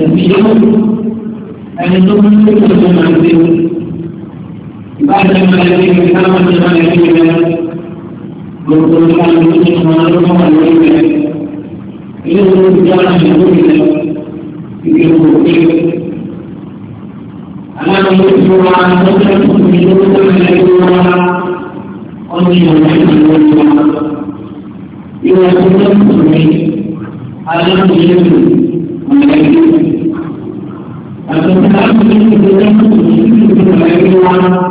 dan itu mungkin sama dengan itu. Ibarat yang lain kita masih banyak juga berkurangan untuk semua orang lain. Ini perlu dijalani dulu kita. Ini perlu kita. Anak itu semua orang mungkin pun itu bukan dari semua orang. Orang yang lain pun juga. Ia semua untuk ini. Anak itu semua. Mereka atau sekarang mungkin kebetulan itu ini orang orang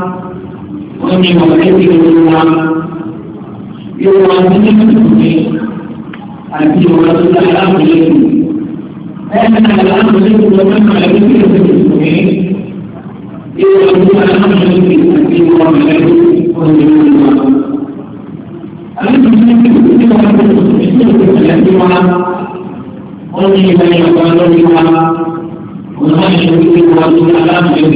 Orang yang ومن شريك الرسول لا شريك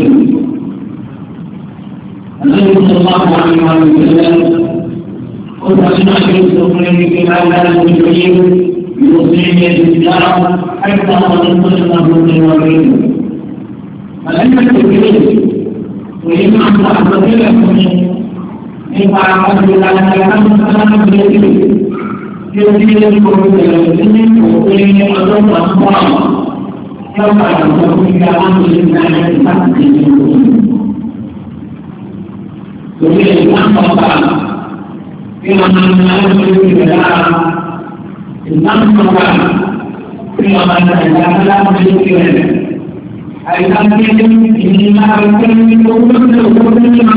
النبي صلى الله عليه وسلم قل فإن شريك الرسول بما كان يشرك يصيب الإسلام حتى تنصرفه من وجهه فإن التكليف وإما أن تعتذركم إما أن تعتذركم بالتكليف يزيدكم بالتكليف وقل أدركم الله كما يقولون عن الإيمان الحق ومن النقطة إلى أن نؤمن بالله النقطة إلى أن لا نؤمن بالله أي أنهم إنما يكون كل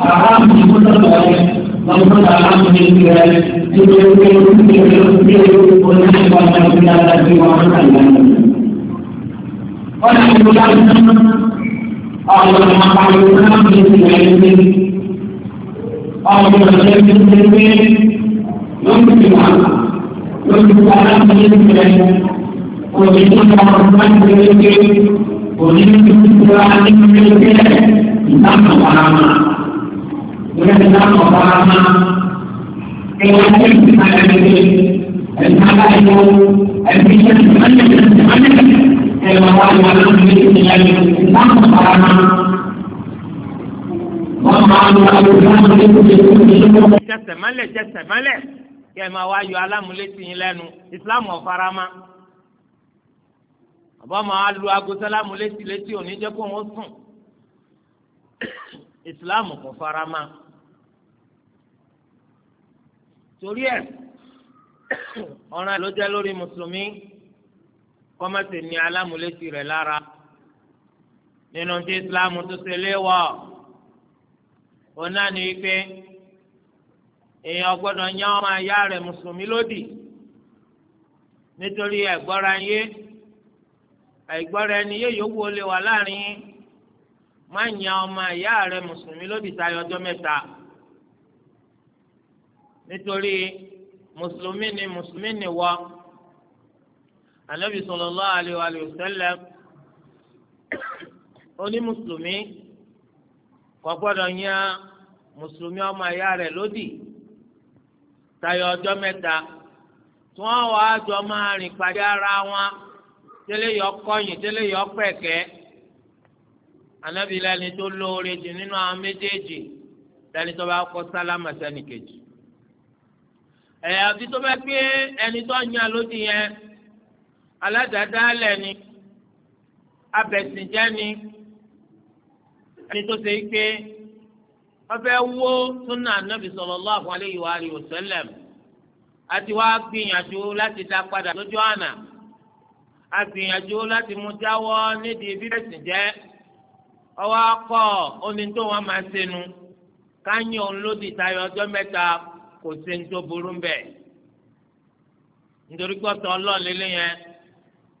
حرام متطابق ومن حرام بالله يقول يقول يقول ونحن لا نؤمن بالله قال ابن أعظم ما قالوا من العلم أعظم العلم يمكن أن يمكن أن يمكن أن ومن الرحمن بالله ومن السلام بالله نعم وعلامة ومن نعم وعلامة إلى أن الحمد لله الحمد لله الحمد لله Saya mengatakan diri dengan Islam karena Jẹ́sẹ̀ mọ́lẹ̀ jẹ́sẹ̀ mọ́lẹ̀ kí ẹ máa wá yọ alámúlétí yín lẹ́nu ìsìláàmù ọ̀farama. Àbọ̀ máa lu agogo alámúlétí létí òní jẹ́ kó wọ́n sùn. Ìsìláàmù kò farama. Torí ẹ̀ ọ̀ràn ló jẹ́ lórí Mùsùlùmí kọ́mọ́sì ní alámúlétì rẹ̀ lára nínú tí ìsìláàmù tó ṣe léwọ̀ òun náà ní wípé èèyàn gbọ́dọ̀ yán ọmọ ìyá rẹ̀ mùsùlùmí lódì nítorí àìgbọ́ra yé àìgbọ́ra ẹni yé yòówù ó lè wà láàrin yín má yàn ọmọ ìyá rẹ̀ mùsùlùmí lódì tayọ ọjọ́ mẹ́ta nítorí mùsùlùmí ni mùsùlùmí ni wọ́n anabi sallallahu alaihi wa sallam oni mùsùlùmí kò gbọ́dọ̀ yan mùsùlùmí ọmọ ìyá rẹ̀ lódì tayọ ọjọ́ mẹ́ta tí wọ́n wàá jọ máa rìn pàdé ara wọn tẹ́lẹ̀ yọ kọ̀yìn tẹ́lẹ̀ yọ pẹ̀kẹ́ anabi lẹni tó lóore jù nínú àwọn méjèèjì lẹni tó bá kọ sálámà sẹ́nìkejì ẹ̀yà àti tó bá gbé ẹni tó yan lódì yẹn. aládàádáálẹ̀ ni abẹ̀sìnjẹ́ ni ẹni tó ṣe pé ọbẹ̀ wó súnà nàbì sallallahu alayhi wa alihi wa àti wá gbìyànjú láti dá padà lójú àná agbìyànjú láti mú jáwọ́ nídìí bíbẹ̀sìnjẹ́ ọwọ́ akọ tayọ ọjọ́ mẹ́ta kò tó burú bẹ́ẹ̀ nítorí pé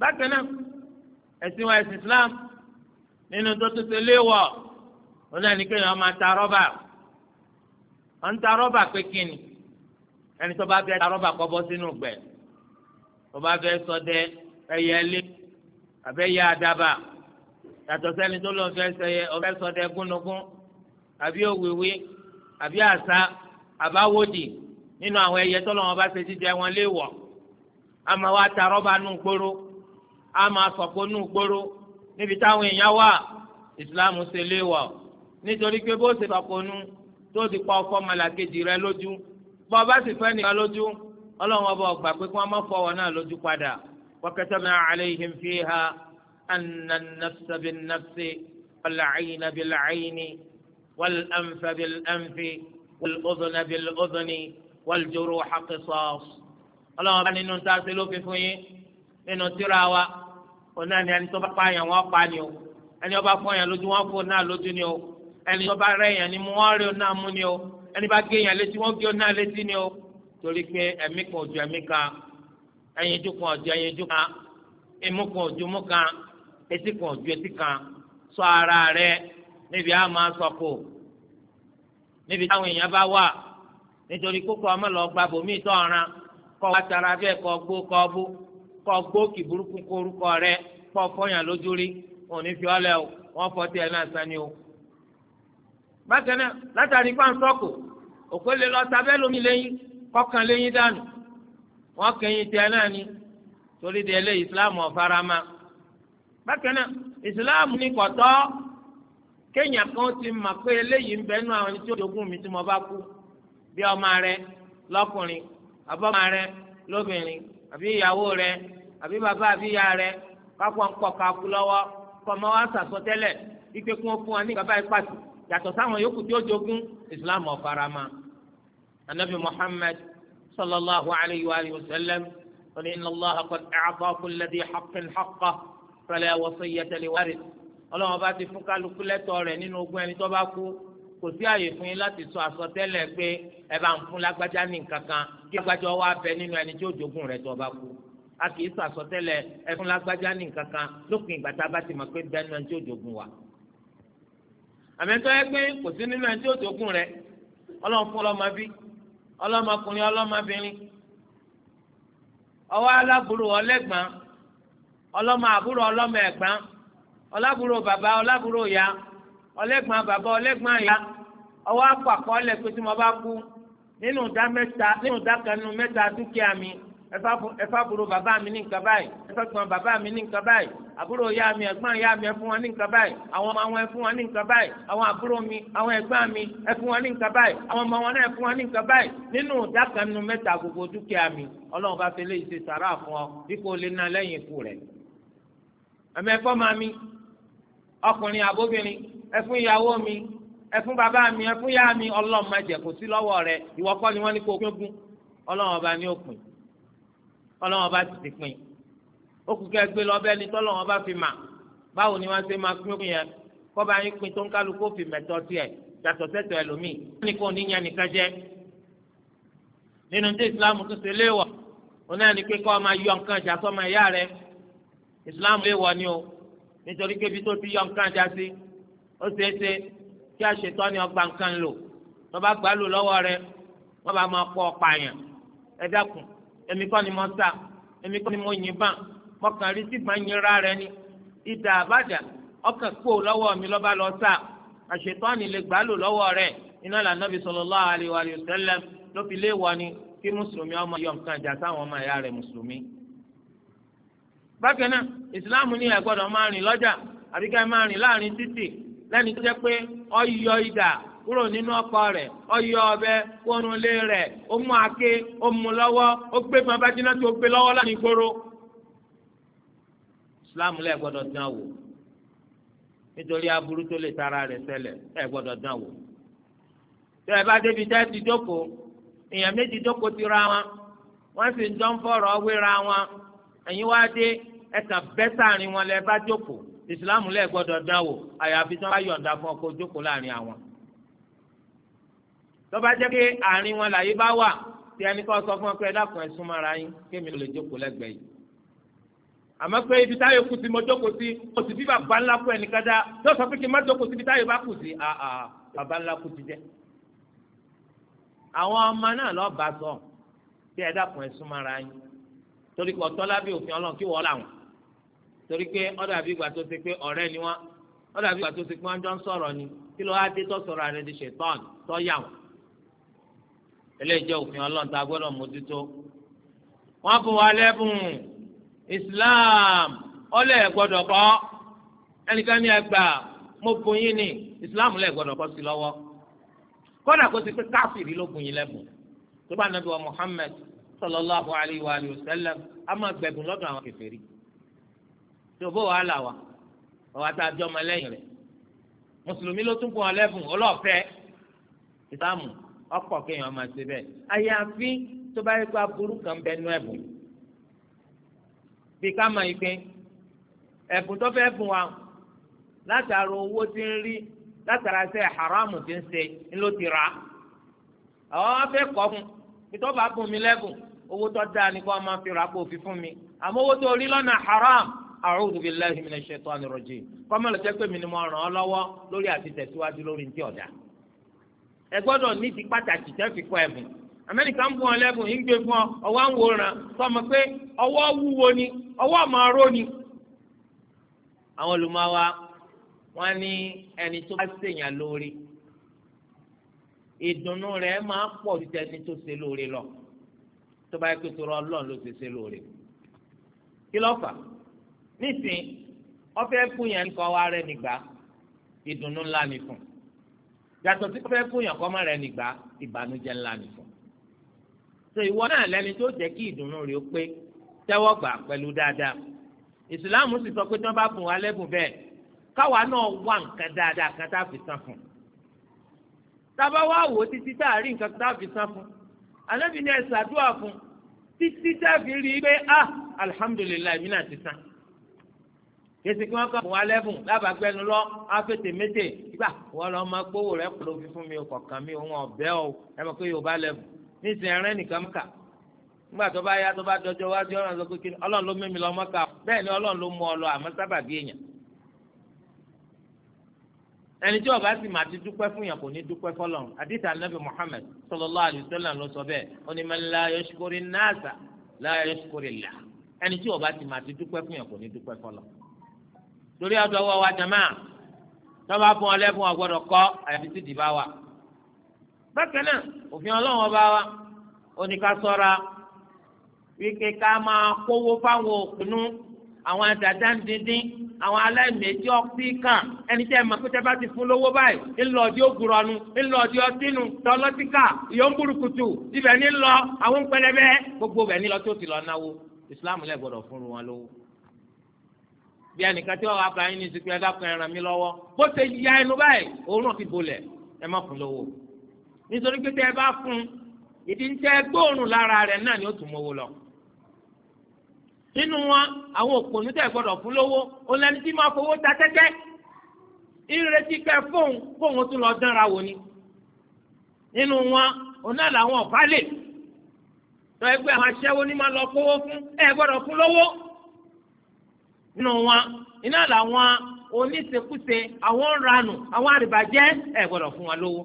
bákan náà ẹ̀sìn wa ẹ̀sìn Islam nínú tó tó ṣe léèwọ̀ ó náà ní kéèyàn máa ta rọ́bà ó ń ta rọ́bà pé kí ni ẹni tó bá fẹ́ ta rọ́bà kọ́ bọ́ sínú gbẹ̀ tó bá fẹ́ ṣọdẹ ẹyẹ lé àbẹ́yẹ àdàbà yàtọ̀ sẹ́ni tó lọ́n fẹ́ sẹ́yẹ ọ̀fẹ́ ṣọdẹ gúnugún àbí òwìwí àbí àṣà àbáwòdì nínú àwọn ẹyẹ tó lọ́wọ́ bá ṣe jíjẹ wọn léèwọ̀ àmọ́ wa ta rọ́bà nù gbóró a máa sọ̀kò nù gbòòrò níbi táwọn èèyàn wà ìsìláàmù ṣe léèwọ̀ nítorí pé bó ṣe sọ̀kò nù tó ti pa ọfọ́ malakeji rẹ lójú bọ́ ọba sì fẹ́ nìkan lójú ọlọ́run ọba ọgbà pé kí wọ́n má fọwọ́ náà lójú padà wa katabna alayhim fiha anna an-nafsa nafsi wal-'ayna bil-'ayni wal-anfa bil-anfi ọlọ́run ọba nínú tá a ṣe yín nínú tíra òun ni ẹni tó bá pààyàn wọn pa ni o ẹni tó bá fọyàn lójú wọn fò náà lójú ni o ẹni tó bá rẹ̀yàn ni mú wọn rẹ̀ náà mú ni o ẹni bá gé yàn létí wọn gé náà létí ni o torí pé ẹ̀mí kan ojú ẹ̀mí kan ẹyinjú kan ojú ẹyinjú kan imú kan ojú mú kan etí kan ojú etí kan ṣọ́ ara rẹ níbi a máa sọkò níbi táwọn èèyàn bá wà nítorí kókó ọmọ lọ gba bòmí ìtọ́ ọ̀ràn kọ́ wa tara bẹ́ẹ̀ kọ́ gbó kọ́ bó. kọ́ gbóòkì burúkú kó rẹ kọ́ fọyàn lójú rí wọn fi o náà sani o. bákan náà látàrí pàǹsọ́kù òkú lè lómi lẹ́yìn kọ́kàn lẹ́yìn dànù wọ́n náà ni torí de ẹlẹ́ islam ọ̀farama. bákan náà ìsìláàmù ní kọ̀tọ́ kan ti mà pé àwọn tí ó àbí ìyàwó rẹ àbí bàbá àbí ìyá rẹ kápọ̀ ń pọ̀ ká kú lọ́wọ́ kọ́mọ wa sàsọ tẹ́lẹ̀ ike kún fún wa ní bàbá ìpàtì yàtọ̀ sáwọn yòókù tí ó jogún islam ọ̀farama anabi muhammad sallallahu alayhi wa sallam wani inna allah qad a'ta kulli dhi haqqin haqqahu fala wasiyyata liwarith ọlọ́wọ́n bá ti fún kálukú lẹ́tọ̀ọ́ rẹ̀ nínú ogún ẹni tó bá kú kò sí àyè fún yín láti sọ àsọtẹ́lẹ̀ pé ẹ bá ń fún lágbájá ní kí lágbájá wá bẹ nínú ẹni tí ó rẹ̀ tó bá kú a kì í sọ àsọtẹ́lẹ̀ ẹ fún lágbájá ní nǹkan kan ti pé bẹ nínú ẹni tí ó jogún wa. àmẹ́tọ́ ẹ pé kò sí nínú ẹni tí ó jogún rẹ̀ ọlọ́run fún ọlọ́mọ ọwọ́ akọ àkọọ́lẹ̀ pé tí mo bá kú nínú ìdá mẹ́ta nínú ìdá kan nínú mẹ́ta dúkìá mi ẹfá buro bàbá mi ní nǹkan báyìí ẹfá gbọ́n bàbá mi ní nǹkan báyìí àbúrò ya mi ẹ̀gbọ́n ya mi ẹ fún wọn ní nǹkan báyìí àwọn ọmọ àwọn ẹ wọn ní nǹkan báyìí àwọn àbúrò mi àwọn ẹ̀gbọ́n mi ẹ fún wọn ní nǹkan báyìí àwọn ọmọ wọn náà ẹ fún wọn ní nǹkan báyìí nínú ìdá kan nínú mẹ́ta gbogbo dúkìá mi Ọlọ́run bá fẹlẹ ṣe sàrà fún ọ bí kò lè ná lẹ́yìn ikú rẹ̀ ẹmẹ fọmọ mi ọkùnrin àbóbìnrin ẹ ìyàwó mi ẹ fún bàbá mi ẹ fún yá mi ọlọ́run má jẹ́ kó sí lọ́wọ́ rẹ ìwọ kọ́ ni wọ́n ní kó o gbógun ọlọ́run ọba ní òpin ọlọ́run ọba ti ti pin ó kù kẹ́ gbé lọ́bẹ́ ni tọ́lọ́run ọba fi mà báwo ni wọ́n ṣe máa pín òkun yẹn kọ́ba yín pin tó ń kálukú fi mẹ́tọ́ tiẹ̀ yàtọ̀ sẹ́tọ̀ ẹlòmíì wọ́n ní kó nìkan jẹ́ nínú tí ìsìlámù tún ṣe léèwọ̀ òun náà ní pé kọ́ máa yọ nǹkan ìjà sọ́mọ ìyá rẹ ìsìlámù léèwọ̀ ni o nítorí pé ibi tó ti yọ nǹkan ìjà sí ó ṣeé ṣe kí àṣetọ́ ni ọgbà nǹkan lò tó bá gbà lò lọ́wọ́ rẹ wọ́n bá máa pọ̀ ọ̀pààyàn ẹ dákun èmi kọ́ ni mo sá èmi kọ́ ni mo yìnbọn mọ̀kàn rí sí gbànyínra rẹ ni ìdá àbàdà ọkàn kó lọ́wọ́ mi lọ́ba lọ sá àṣetọ́ ni lè gbà lò lọ́wọ́ rẹ iná la Nabi sallallahu alaihi wa sallam ló fi lé wọ ni kí mùsùlùmí ọmọ yọ nǹkan ìjà sáwọn ọmọ ìyá rẹ mùsùlùmí. bákan náà ìsìláàmù ní ẹ máa rìn lọ́jà àbíkẹ́ máa rìn láàrin títì lẹ́ni tó jẹ́ pé ọyọ idà kúrò nínú ọkọ rẹ̀ ọyọ ọ̀bẹ kúrò lé rẹ̀ ó mú àáké ó mú lọ́wọ́ ó gbé babájíná tó gbé lọ́wọ́ lánàá ìgboro. islam lẹ́ gbọ́dọ̀ dán wò nítorí aburú tó lè tara rẹ̀ ṣẹlẹ̀ ẹ̀ gbọ́dọ̀ dán wò. tẹ́ ẹ bá débi tẹ́ ti jókòó èèyàn méjì jókòó ti ra wọn wọ́n sì ń jọ fọ̀rọ̀ wéra wọn ẹ̀yin wá dé ẹ̀ka bẹ́sàárín wọn lẹ́ bá jókòó ìsìláàmù lẹ́ẹ̀ gbọ́dọ̀ dán wò àyàfi tí wọ́n bá yọ̀ǹda fún ọkọ̀ ojókòó láàrin àwọn. tó bá jẹ́ pé àárín wọn làyè bá wà tí ẹnì kan sọ fún ọ pé ẹdáàkùn ẹ súnmọ́ ara yín kémi ló lè jókòó lẹ́gbẹ̀ẹ́ yìí. àmọ́ pé ibi táyọ̀ kù sí mo jókòó sí mo sì bí bàbá ńlá kú ẹnì kájá tó sọ pé kí n má jókòó sí ibi táyọ̀ bá kù sí bàbá ńlá kú ti jẹ́. àwọn ọmọ náà lọ́ọ́ bá sọ pé ẹdáàkùn ẹ súnmọ́ ara yín torí pé ọ̀dọ̀ àbí ìgbà tó ṣe pé ọ̀rẹ́ ni wọ́n ọ̀dọ̀ àbí ìgbà tó ṣe pé wọ́n jọ ń sọ̀rọ̀ ni kí ló wáá dé tó sọ̀rọ̀ àrẹ di ṣètọ́n tó yà wọ́n. eléyìí jẹ́ òfin ọlọ́run tá a gbọ́dọ̀ mójútó. wọ́n fún wa lẹ́bùn Islam ọlẹ́ gbọ́dọ̀ kọ́ ẹnìkan ní ẹgbà mo bùn yín ni Islam lẹ́ gbọ́dọ̀ kọ́ sí lọ́wọ́ kọ́dà kó ti pé káfíìrì ló bùn yín lẹ́bùn tó bá nàbí wa Muhammad sallallahu alayhi wa sallam a máa gbẹ̀bùn lọ́dọ̀ àwọn kèfèrí tó bó wàhálà wa ọwọ́ tá a jọ ọmọ rẹ̀ mùsùlùmí ló tún kún lẹ́bùn ọlọ́ọ̀fẹ́ ìsàmù ọkọ̀ kéèyàn máa ṣe àyàfi tó bá yẹ kó aburú kan bẹ nú ẹ̀bùn bí ká tó fẹ́ fún wa látara owó tí ń rí látara ṣe haramu tí ń ṣe ńlọ ti rà mi lẹ́bùn owó tó dáa ni kó o máa fi mi àmọ́ owó tó rí haram. a'udhu billahi minash shaitani rajim kọ́mọ̀lù jẹ́ pé mi ni mo ràn ọ́ lọ́wọ́ lórí àti tẹ̀síwájú lórí ní ti ọ̀dà ẹ gbọ́dọ̀ ní ti pàtàkì tẹ́ fi kọ́ ẹ̀bùn amẹ́ríkà ń bọ̀ ọ́ lẹ́bùn ń gbé fún ọ ọwọ́ ń wòran sọmọ pé ọwọ́ wúwo ni ọwọ́ máa ró ni. àwọn olùmọ̀wá wọn ní ẹni tó bá ṣèyàn lórí ìdùnnú rẹ̀ máa pọ̀ ju tẹni tó ṣe lórí lọ tó bá yẹ kó torọ ọlọ́run ló ṣe ṣe lórí kí ló nísìn ọfẹ́ fún yẹn nǹkan wá rẹ nígbà ìdùnnú ńlá ni fún yàtọ̀ sí ọfẹ́ fún yẹn kọ́ mọ́ rẹ nígbà ìbànújẹ́ ńlá ni fún so ìwọ náà lẹni tó jẹ́ kí ìdùnnú rẹ ó pé tẹ́wọ́ gbà pẹ̀lú dáadáa ìsìláàmù sì sọ pé tí wọ́n bá fún wa lẹ́bùn bẹ́ẹ̀ káwa náà wá nǹkan dáadáa kan tá a fi san fún tábà wò títí tá a rí nǹkan tá a fi san fún anábì ní ẹ ṣàdúrà fún títí tá a fi rí i pé ah alihamudulilayi mi náà ti san yéésì kí wọ́n kọ́ wá lẹ́bùn lábàgbẹ́nu lọ áfètè méjè gbà wọ́n lọ máa gbówó rẹ̀ pọ̀ lófi mi kọ̀ọ̀kan mi òun ọ̀bẹ́ o ẹ mọ̀ pé yorùbá lẹ́bùn níìsín ẹ̀rẹ́ nìkan mọ́kà nígbà tó bá yá tó bá dọjọ́ wájú ọ̀ràn lọ pé kíni ọlọ́run ló mímí lọ mọ́kà bẹ́ẹ̀ ni ọlọ́run ló mú ọ lọ àmọ́ sábàbí èèyàn ẹni tí ọba sì máa ti dúpẹ́ fún yàn kò ní dúpẹ́ fọlọ́run àdìtà nàbì Muhammad sallallahu alaihi ló sọ bẹ́ẹ̀ ó ní man la yashkuri nasa la yashkuri Allah ẹni tí ọba sì máa ti dúpẹ́ fún yàn kò ní dúpẹ́ fọlọ́run torí àtọwọ́ wa jama tọ́ba fún ọ lẹ́fún ọgbọ́dọ̀ kọ́ àyàfi tí dìbà wa. bákan náà òfin ọlọ́run ọba wa oníka sọ́ra wíkẹ́ ká máa kówó fáwọn òpinnu àwọn àdàdà ń díndín àwọn aláìmẹjì ọtí kan ẹni tẹ́ ẹ máa pété bá ti fún lówó báyìí ńlọ ọdí ògùrọ̀nu ńlọ ọdí ọtínú tọlọ́tíkà ìyọ́nbùrùkùtù ibẹ̀ ní lọ àwọn pẹlẹbẹ gbogbo bẹ̀ ní tó ti lọ náwó ìsìláàmù lẹ̀ fún wọn lówó bí ẹnìkan tí wọn wá báyìí ní ìsìnkú ẹdá kan ẹran mi lọ́wọ́ bó ṣe ya ẹnu báyìí òun náà ti bolẹ̀ ẹ má fún lówó nítorí pé tẹ ẹ bá fún ìdí ń tẹ gbóòórùn lára rẹ̀ náà ni ó tún mówó lọ nínú wọn àwọn òpònú tẹ gbọ́dọ̀ fún lówó òun lẹni tí máa fowó ta tẹ́tẹ́ ìrètí kẹ fóun fóun tún lọ dánra wò ni nínú wọn òun náà làwọn ọ̀bálẹ̀ tọ́ ẹgbẹ́ àwọn aṣẹ́wó ni máa lọ kówó fún ẹ gbọ́dọ̀ fún lówó nínú wọn iná làwọn oníṣekúṣe àwọn ranù àwọn àrìbàjẹ́ ẹ gbọ́dọ̀ fún wọn lówó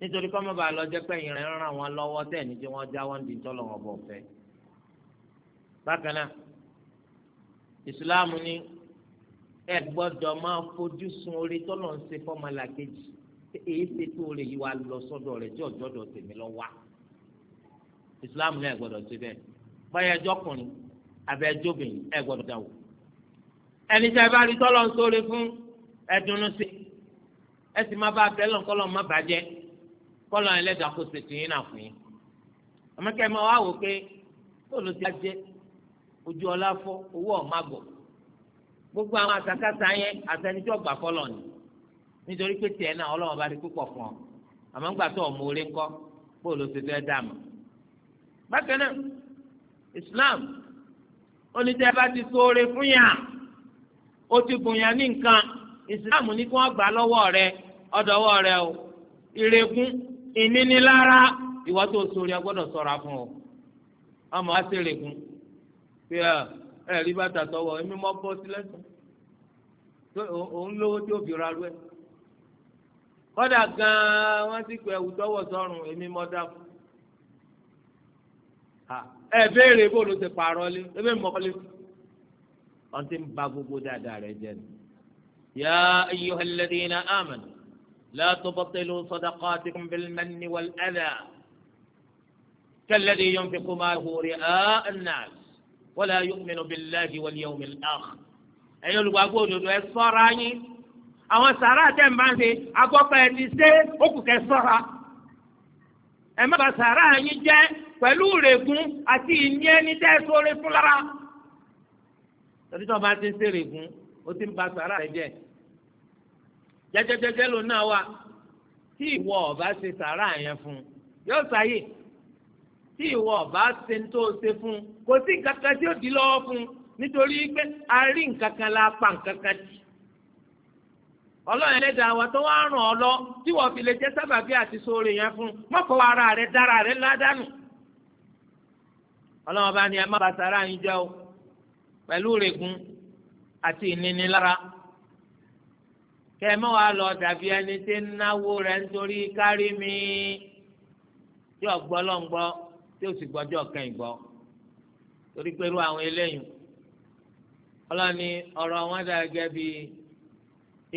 nítorí kọ́ mọ́ bàa lọ jẹ́ pé ìrìn ràn wọn lọ́wọ́ tẹ̀ ní wọ́n já wọn di tọ́lọ̀ wọn bọ̀ fẹ́. bákan náà ìsìláàmù ni ẹ gbọ́dọ̀ máa fojú sun orí tọ́lọ̀ ń ṣe fọ́mọlá kejì èyí ṣe tó orí yìí wá lọ sọ́dọ̀ rẹ̀ tí ọ̀jọ́dọ̀ tèmi lọ wá. ìsìláàmù ni ẹ gbọ́dọ̀ ṣe bẹ́ẹ̀ báyọ̀ ẹjọ́ kùnrin àbẹ̀ẹ́jọ́bìnrin ẹ gbọ́dọ̀ dáwọ́ ẹni tí a bá rí tọ́lọ̀ ń sóore fún ẹdùnnú sí ẹ sì má bá a bẹ́ẹ̀ lọ́n má bàjẹ́ kọ́lọ́ ẹlẹ́dàá kó ṣètò yín náà fún yín. àmọ́kẹ́ máa wá wò pé tóòlù ti ojú ọlá fọ́ owó ọ̀ má gbogbo àwọn àtàkàtà yẹn gbà kọ́lọ̀ ni nítorí pé tiẹ̀ náà ọlọ́wọ́n bá rí púpọ̀ fún ọ àmọ́ ńgbà tó ọmọ orí ńkọ́ bóòlù ti fẹ́ dà Islam ó ti bùnyàn ní nǹkan ìsìláàmù ní kí wọ́n gbà lọ́wọ́ rẹ ọ̀dọ̀wọ́ rẹ o ìrègùn ìnínilára ìwà tó sori agbọ́dọ̀ ṣọ́ra fún ọ ọmọ wa ṣèrègùn pé ẹ rí bàtà tọwọ́ èmi mọ́ bọ́ sílẹ̀ sàn òun lówó tí ó fi ra lú ẹ kọ́dà gan-an ti pẹ̀ ẹ̀wù tọwọ́ sọ́run èmi mọ́ dà fún ẹ béèrè bó ló ti pààrọ̀ lé ebi mọ́ lé fún. wọ́n ti ń ba gbogbo dáadáa rẹ̀ jẹ́ ni. ya ayyuhal ladhina amanu la tubtilu sadaqatikum bil manni wal adha kalladhi yunfiqu malahu ri'a'a an-nas wala yu'minu billahi wal yawmil akhir. ẹ̀yin olùgbàgbọ́ òdodo ẹ ṣọ́ra yín àwọn sàrà tẹ̀ ń bá ń ṣe agbọ́pẹ́ ẹ ti ṣe ó kù kẹ́ ṣọ́ra ẹ má bà sàrà yín jẹ́ pẹ̀lú rẹ̀gún àti ìní ẹni tẹ́ sóore fún lára. torí tí wọn bá ti ń sèrè fún ó ti ń ba sàrà rẹ jẹ jẹjẹjẹjẹ ló náà wà tí ìwọ ọba ṣe sàrà yẹn fún yóò sáyè tí ìwọ ọba ṣe ń tó ṣe fún kò sí nǹkan kan tí ó di lọ́wọ́ fún nítorí pé a rí nǹkan kan la pa nǹkan kan jì ọlọ́run ẹlẹ́dàá wa tó wá ràn ọ́ lọ tí wọ́n fi lè jẹ́ sábàbí àti sóore yẹn fún mọ́kànlá ara rẹ̀ dára rẹ̀ ládàánù ọlọ́run bá ní ẹ má bàtà ara yín jẹ́ o pẹ̀lú rẹ̀gùn àti ìnínilára kẹ́mọ́ wa lọ dàbí ẹni tí ń náwó rẹ̀ nítorí kárí mi tí ọ̀gbọ́ lọ ń gbọ́ tí ó sì gbọ́jọ́ kẹ́yìn gbọ́ torí pẹ̀lú àwọn eléyìí ọlọ́ni ọ̀rọ̀ wọn dà gẹ́gẹ́ bí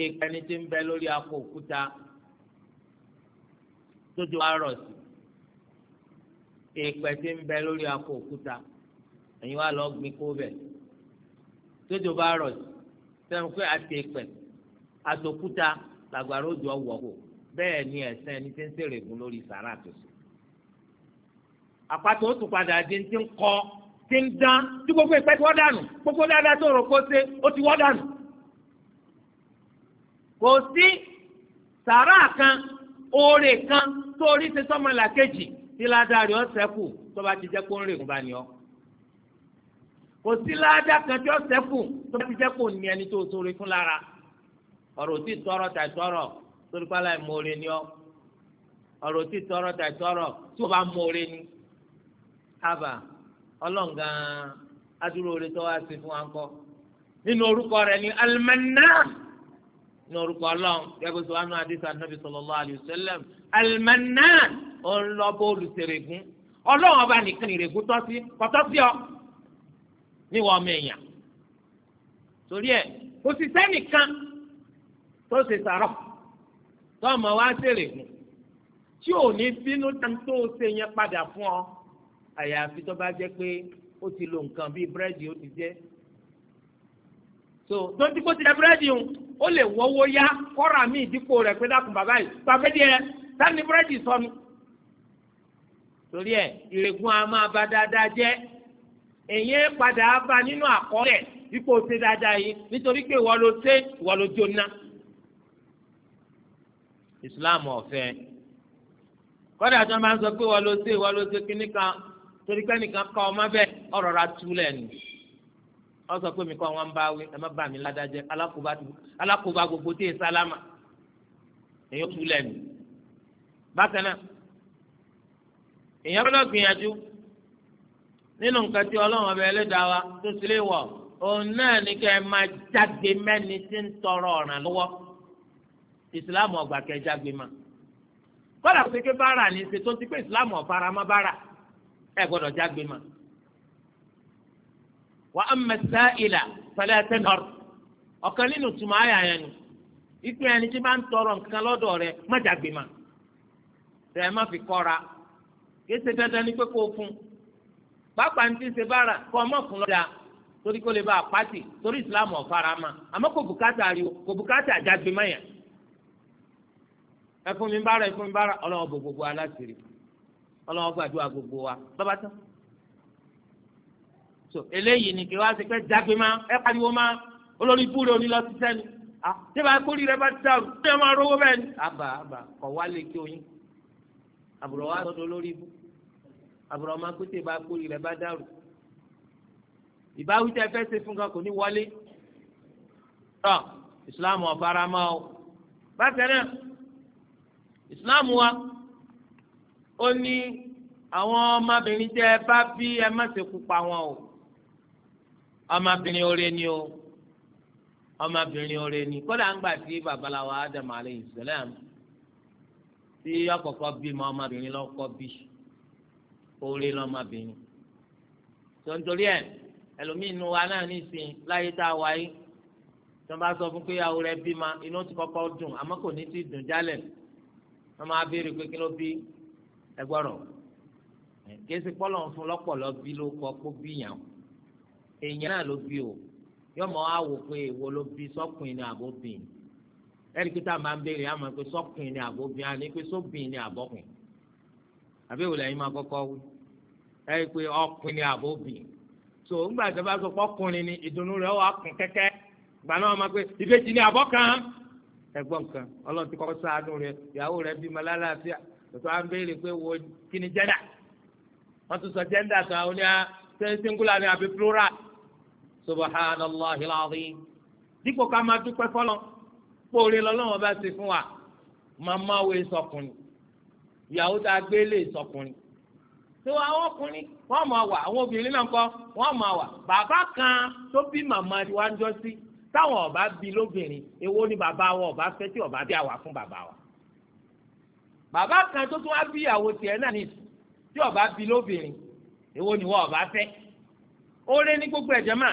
ìkànnì tí ń bẹ lórí akọ òkúta tójú wa rọ̀ sí ìpẹ́ tí ń bẹ lórí akọ òkúta ẹ̀yin wa lọ gbin kó bẹ̀ tójò bá rọ̀ sẹ́nu pé àti ìpẹ́ àtòkúta làgbàrá òjò ọ̀wọ́ kò bẹ́ẹ̀ ni ẹ̀sẹ̀ ẹni tí ń sèrè gun lórí sàrà àtòsí. àpàtó ó tún padà di ti ń kọ ti ń dán tí gbogbo ìpẹ́ tí wọ́n dànù gbogbo dáadáa tó rò kó ṣe ó ti wọ́n dànù. kò sí sàrà kan oore kan tó orí ti sọ́mọ làkejì tí ládàá rẹ̀ ọ̀sẹ̀ kù tó bá ti jẹ́ kó ń rè gùn bá ní ọ kò sí ládàá kan tí ó tó bá ti sẹ́kù ní ẹni tó sóore fún lára ọ̀rọ̀ tí tọrọ tà tọrọ torí pálá ìmoore ni ọ ọ̀rọ̀ tí tọrọ tà tọrọ tí o bá moore ni àbà ọlọ́ǹgàn adúlóore tó wá sí fún wa ń kọ́ nínú orúkọ rẹ̀ ni alimanna ní orúkọ ọlọ́run gẹ́gẹ́ sọ wánú àdìsá nàbì sallallahu alayhi wa sallam alimanna ọlọ́bọ̀ olùsèrègùn ọlọ́run ọba nìkan ìrègùn tọ́ sí kọ́tọ́ sí ọ níwọ ọmọ èèyàn torí ẹ kò sì sẹ́nìkan tó ṣe sàrọ̀ tó ọmọ wa ṣèrè fún tí ò ní bínú tó ṣe yẹn padà fún ọ àyàfi tó bá jẹ́ pé ó ti lo nǹkan bíi búrẹ́dì ó ti jẹ́ so tó ti kó ti jẹ búrẹ́dì o ó lè wọ́wọ́ yá kọ́ra mi ìdíkò rẹ̀ pé dákun bàbá yìí pàfẹ́ díẹ̀ sani búrẹ́dì sọnù torí ẹ ìrègùn a máa ba dáadáa jẹ́ èyàn padà bá nínú àkọọ́lẹ̀ ipò ṣe dáadáa yìí nítorí pé ìwọ ló ṣe ìwọ ló jóná. ìsìláàmù ọ̀fẹ́ kọ́dà tó máa ń sọ pé ìwọ ló ṣe ìwọ ló ṣe kíní kan torí pé nìkan kọ́ ọmọ bẹ́ẹ̀ ọ̀rọ̀ ra túlẹ̀ nù. wọ́n sọ pé mi kọ́ wọn bá wí ẹ má bà mí ládájẹ́ alákòóbá gbogbo tí ì sálámà èyàn túlẹ̀ nù. bákan náà èyàn gbọ́dọ̀ nínú nǹkan tí ọlọ́run ọba wa tó sì lè wọ̀ òun náà ní kẹ́ ẹ máa mẹ́ni tí ń tọrọ ọ̀ràn lọ́wọ́ ìsìláàmù ọgbà kẹ́ ẹ tó gbọ́dọ̀ nínú tùmọ̀ àyà yẹn ni ìpín ẹni tí ń tọrọ nǹkan lọ́dọ̀ mà má fi kọ́ra kí pàápàá ní ti ṣe bára kọ́ ọmọ fún lọ́dà torí kó lè bá a pàtì torí ìsìláàmù ọ̀fara ma àmọ́ kò bùkátà ariwo kò bùkátà àjàgbé mẹ́yà ẹ fún mi bára ẹ fún mi bára ọlọ́wọ́ bò gbogbo aláṣìírí ọlọ́wọ́ gbàdúrà gbogbo wa bàbá tán so eléyìí ni kí wá sí pé jágbe má ẹ pariwo má olórí búrò onílọ sí sẹ́ni tí bá kórìí rẹ bá ti dàrú tí ẹ máa rówó bẹ́ẹ̀ ni àbà àbà kọ̀ wá kí oyin àbùrọ̀ wá sọ́dọ̀ àbúrò ọmọ akúté bá kórìí rẹ̀ bá dàrú ìbáwí tẹ́ fẹ́ ṣe fún kan kò ní wọlé tọ́ ìsìláàmù o bákan náà ìsìláàmù wa ó ní àwọn ọmọbìnrin tẹ́ ẹ bá bí ẹ má ṣe kú wọn o ọmọbìnrin oore ni o ọmọbìnrin oore ni kódà ń gbà tí babaláwa Adam aleyhisselam tí ọkọ̀ọ̀kọ̀ bí ma ọmọbìnrin lọ́kọ́ bí i orí lọ́mọbìnrin tó ń torí ẹ ẹlòmíì nu wa náà nísìnyí láyé tá a wáyé tó ń bá sọ fún pé ìyàwó inú ti kọ́kọ́ dùn àmọ́ kò ní ti dùn jálẹ̀ wọ́n máa béèrè pé kí ló bí ẹgbọ́rọ̀ kéésì fún bí ló kọ́ kó bí èèyàn o pé ló bí ni pé a máa ń béèrè àmọ́ pé sọ́kùnrin ni àní pé sóbìn ni máa kọ́kọ́ wí ẹ pé ọkùnrin àbóbì so ńgbà tó bá sọ pé ọkùnrin ni ìdùnnú rẹ̀ wà kún kẹ́kẹ́ gbà náà máa pé ìbejì ni àbọ̀ kan ẹ̀gbọ́n kan Ọlọ́run ti kọ́kọ́ ṣàánú rẹ̀ ìyàwó rẹ̀ bímọ lálàáfíà ètò à ń béèrè pé wo kí ni jẹ́ndà wọ́n tún sọ jẹ́ndà kan ó ní singular ni àbí plural subhanallahi alazim dípò ká máa dúpẹ́ fọlọ́ pòórè lọ́lọ́wọ́n bá ṣe fún wa màmá wo ìsọkùnrin ìyàwó tá a gbé lé ìsọkùnrin tí àwọn ọkùnrin wọ́n máa wà àwọn obìnrin náà kọ́ wọ́n máa wà bàbá kan tó bí màmá wa ń jọ sí táwọn ọba bí lóbìnrin èwo ni bàbá wọn ọba fẹ́ tí ọba bí àwà fún bàbá wa bàbá kan tó tún wá bí ìyàwó tiẹ̀ náà nìyí tí ọba bí lóbìnrin èwo ni wọn ọba fẹ́ ó ní gbogbo ẹ̀jẹ̀ mà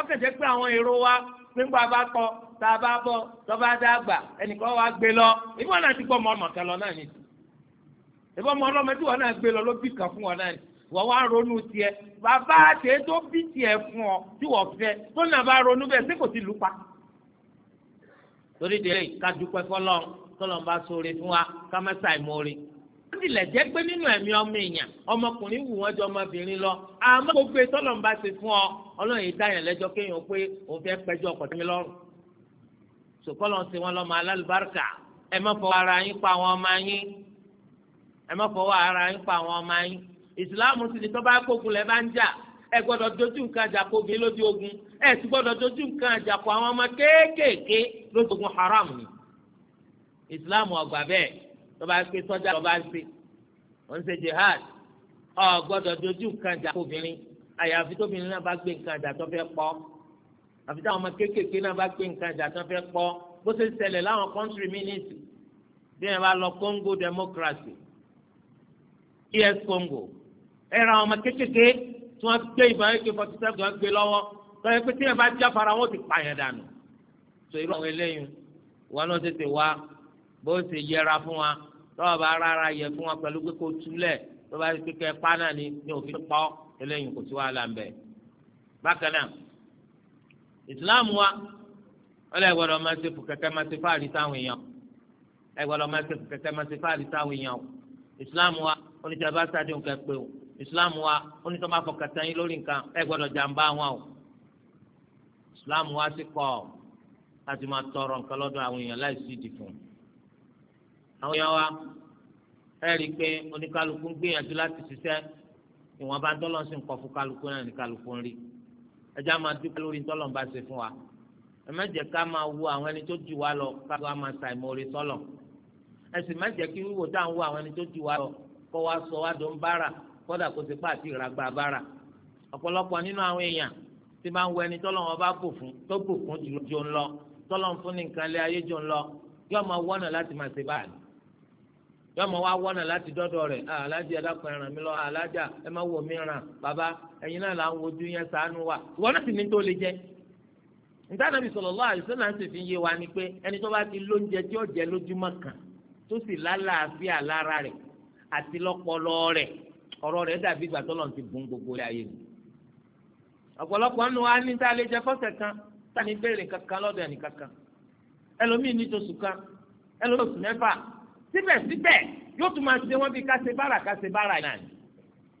ọkàn pé àwọn èrò wa nígbà bá kọ tá a bá bọ tó bá dá gbà ẹnìkan wá gbé lọ ìgbọ́n náà ti gbọ́ ọmọ ọmọ kan lọ náà nìyí ìbọn ọmọ ọlọ́mọ tí wọn náà gbé lọ ló bí kan fún wọn náà ni wọ́n wá ronú tiẹ̀ bàbá àti ètò bí tiẹ̀ fún ọ tí wọ́n fẹ́ tó náà bá ronú bẹ́ẹ̀ sí kò sí lù pa. torí dèrè ká dúpẹ́ fọlọ́n tọ́lọ́n bá sóore fún wa ká má ṣàì mórí. wọ́n tilẹ̀ jẹ́ pé nínú ẹ̀mí ọmọ èèyàn ọmọkùnrin wù wọ́n jọ ọmọbìnrin lọ àmọ́ gbogbo tọ́lọ́n bá ṣe fún ọ ọlọ́run dáyàn lẹ́jọ́ kéèyàn pé òun fẹ́ pẹ́jọ́ ọkọ̀ lọ́rùn. sòkòlọ́n wọn lọ́mọ alálùbáríkà ẹ má fọ ara yín pa àwọn ọmọ yín ẹ má fọwọ́ ara yín pa àwọn ọmọ yín ìsìláàmù sì ni tó bá kókun lẹ́ bá ń jà ẹ gbọ́dọ̀ dojú nǹkan àjàkọ obìnrin lójú ogun ẹ sì gbọ́dọ̀ dojú nǹkan àjàkọ àwọn ọmọ kéékèèké lójú ogun haram ni ìsìláàmù ọgbà bẹ́ẹ̀ tó bá pé sọ́jà lọ́ba ń ṣe wọ́n ń ṣe jihad ọ gbọ́dọ̀ dojú nǹkan àjàkọ obìnrin àyàfi tóbìnrin náà bá gbé nǹkan àjàtọ́ fẹ́ pọ́ àfi táwọn ọmọ kéékèèké náà bá gbé nǹkan àjàtọ́ fẹ́ pọ́ bó ṣe ṣẹlẹ̀ láwọn kọ́ńtìrì mínísì bí wọ́n bá lọ Congo democracy es congo ẹ̀rọ àwọn ọmọ kékeré tí wọ́n gbé ìbọn ak forty seven wọ́n gbé lọ́wọ́ tọ́yẹ pé tí yẹn bá jáfara wọ́n ti pààyàn dànù tó irú àwọn eléyìí wọn náà tètè wá bó ṣe yẹra fún wa tọ́wọ́ bá rárá yẹ fún wa pẹ̀lú pé kó túlẹ̀ tó bá rí pé kẹ́ pa náà ni ní òfin pọ́ eléyìí kò sí wàhálà ń bẹ̀. bákan náà ìsìláàmù wa ọlọ́ ìgbọ́dọ̀ máa ṣe kẹ̀kẹ́ máa ṣe fáàrí sáwọn èèyàn ẹ̀gbọ́dọ̀ máa ṣe kẹ̀kẹ́ máa ṣe fáàrí sáwọn èèyàn ìsìláàmù wa oníṣẹ́ bá sáà nǹkan pé o islam wa oníṣẹ́ máa fọkàn tán yín lórí nǹkan ẹ gbọ́dọ̀ jàǹbá wọn o islam wa sì kọ́ ọ láti máa tọrọ nǹkan lọ́dọ̀ àwọn èèyàn láìsí ìdí fún un àwọn èèyàn wa ẹ rí i pé oníkálukú ń gbìyànjú láti ṣiṣẹ́ ìwọ̀n bá tọ́lọ́ sí nǹkan fún kálukú náà ní kálukú ń rí ẹjẹ́ a máa dúpẹ́ lórí tọ́lọ́ ń bá ṣe fún wa ẹ ká máa wo àwọn ẹni tó jù wá lọ ká máa ṣàìmọ̀ọ́rẹ́ sọ́lọ̀ ẹ sì má kí wíwò tá à ń wo àwọn ẹni tó jù wá lọ kó wa sọ wa dùn bára kódà kó ti pàtì ìràgbà bára ọ̀pọ̀lọpọ̀ nínú àwọn èèyàn tí máa ń wọ ẹni tọ́lọ́ wọn bá bò fún tó bò fún jò ń lọ tọ́lọ́ fún ní nǹkan lé ayé jò ń lọ yóò máa wọ́nà láti máa ṣe báyìí yóò máa wá wọ́nà láti dọ́dọ̀ rẹ̀ ah, alájà ẹ dákun ẹ ràn mí lọ alájà ẹ má wò mí ràn bàbá ẹ̀yin náà là ń wojú yẹn ṣàánú wa ìwọ náà sì ní tó lè jẹ ntànàbì sallallahu alaihi wasallam sì fi yé wa ni pé ẹni tó bá ti lóúnjẹ tí ó jẹ lójúmọ́ kan tó sì lálàáfíà lára rẹ̀ àti lọ́pọlọ rẹ̀ ọ̀rọ̀ rẹ̀ dàbí ìgbà tọ́lọ̀ ti bùn gbogbo rẹ̀ ayé ni. ọ̀pọ̀lọpọ̀ nínú wa ní tá a lè jẹ fọ́sẹ̀ kan tá a ní béèrè kankan lọ́dọ̀ ẹnì kankan ẹlòmíì ní tóṣù kan ẹlòmíì oṣù mẹ́fà síbẹ̀síbẹ̀ yóò tún máa ṣe wọ́n bí káṣe bára káṣe bára náà ni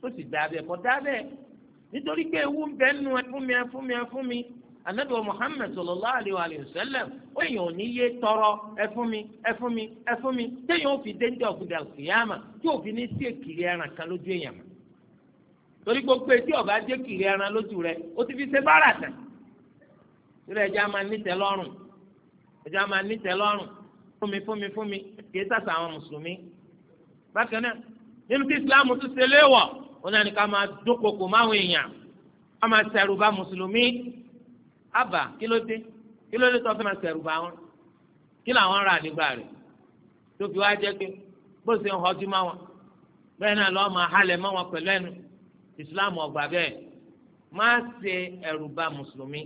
tó sì dáa bẹ́ẹ̀ kọ́ nítorí pé ewu ń bẹ́ẹ̀ nu ẹ fún mi ẹ fún mi ẹ fún mi anabi muhammed sallallahu alayhi wa sallam ó yàn ò ní yé tọrọ ẹfún mi ẹfún mi ẹfún mi téèyàn ò fi déńdé ọ̀gbìndà kìyàmà tí ò fi ní sí èkìlì ẹran kan lójú èèyàn mọ́ torí gbogbo etí ọba jẹ́ kìlì ẹran lójú rẹ ó ti fi ṣe bára tán ìrẹ ẹja máa nítẹ́ lọ́rùn ẹja máa nítẹ́ lọ́rùn fún mi fún mi fún mi kì í sàṣà àwọn mùsùlùmí bákan náà nínú tí islam tún ṣe léèwọ̀ ó náà ká máa dúnkokò máwọn èèyàn ká máa ṣẹrù bá mùsùlùmí àbà kilote kilote dé kí ló dé tó fẹ́ máa sẹ̀rù bá wọn kí làwọn rà nígbà rẹ̀ tó fi wá jẹ́ pé bó ṣe ń họjú má wọn bẹ́ẹ̀ náà lọ́ọ́ máa halẹ̀ mọ́ wọn pẹ̀lú ẹnu ìsìláàmù ọgbà bẹ́ẹ̀ má ṣe ẹ̀rù bà mùsùlùmí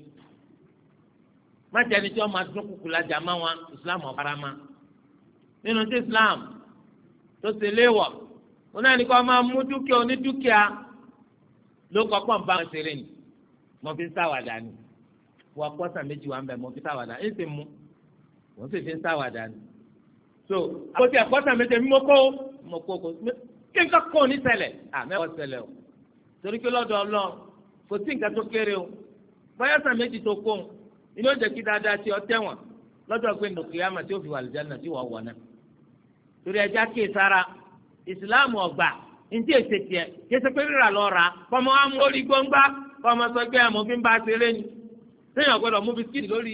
má jẹ́ ẹni tí wọ́n máa dún kùkù lájà má wọn ìsìláàmù ọ̀bára má nínú tí ìsìláàmù tó ṣe léèwọ̀ wọn náà ní kó máa mú dúkìá onídúkìá ló kọ́ pọ̀ ń bá wọn ṣeré ni mo fi ń sáwàdà ni wa kọ́sà méjì wa ń bẹ̀ mọ́ fi sáwàdà ẹ̀ sì mú wọ́n sì fi ń sáwàdà ni. so àwọn ti àkọ́sà méjì mi mọ́ kó mọ́ kó kó kí n ká kó ní ṣẹlẹ̀ àmẹ́wọ́ ṣẹlẹ̀ o torí pé lọ́dọ̀ ọlọ́run kò sí nǹkan tó kéré o bọ́yọ̀sà méjì tó kó o inú ó jẹ́ kí dáadáa ti ọ tẹ̀wọ̀n lọ́dọ̀ pé nùkìyàmà tí ó fi wà lùjánà tí wọ́n wọ̀ náà torí ẹja kí sára ìsìláàmù ọgbà ntí èsè tiẹ̀ kí ẹsẹ̀ pé rírà lọ́ọ́ ra kọ́mọ amórí gbọ́ngbá kọ́mọ sọ pé ń bá a ṣeré sẹ́yìn ọ̀gbọ́dọ̀ mú bisikíìtì lórí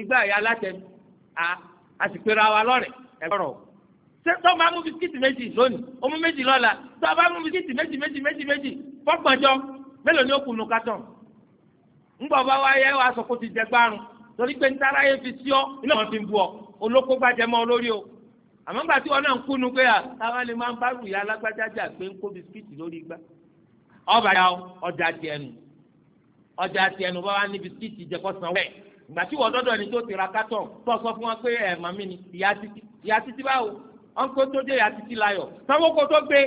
igbá ẹ̀yà alátẹnu a àsìpèrè àwa lọ́rẹ̀ ẹ̀rọ ṣé tó bá mú bisikíìtì méjì lónìí ó mú méjì lọ́la tó bá mú bisikíìtì méjì méjì méjì méjì fọ́gbọ̀njọ́ mélòó ni ó kùnú kátọ̀ ńgbà bá wá yẹ wàá sọ kó ti jẹ gbárùn torí pé ntara yẹ fi sí ọ ilé wọn fi bu ọ olóko gbàjẹ mọ olórí o àmọ́ gbà tí wọn náà ń kúnnu pé à táwa lè máa ń bá rù ya alágbájá jà pé ń kó bisikíìtì ọjà tí ẹnu bá wà ní bisikíìtì jẹ kó san wẹ̀ ìgbà tí wọ́n dọ́dọ̀ ni tó ti ra kátọ̀n tó sọ fún wọn pé ẹ̀ màmí ni ìyá títí ìyá títí báwo ọ̀n kó tó dé ìyá títí láyọ̀ sanwó kó tó gbé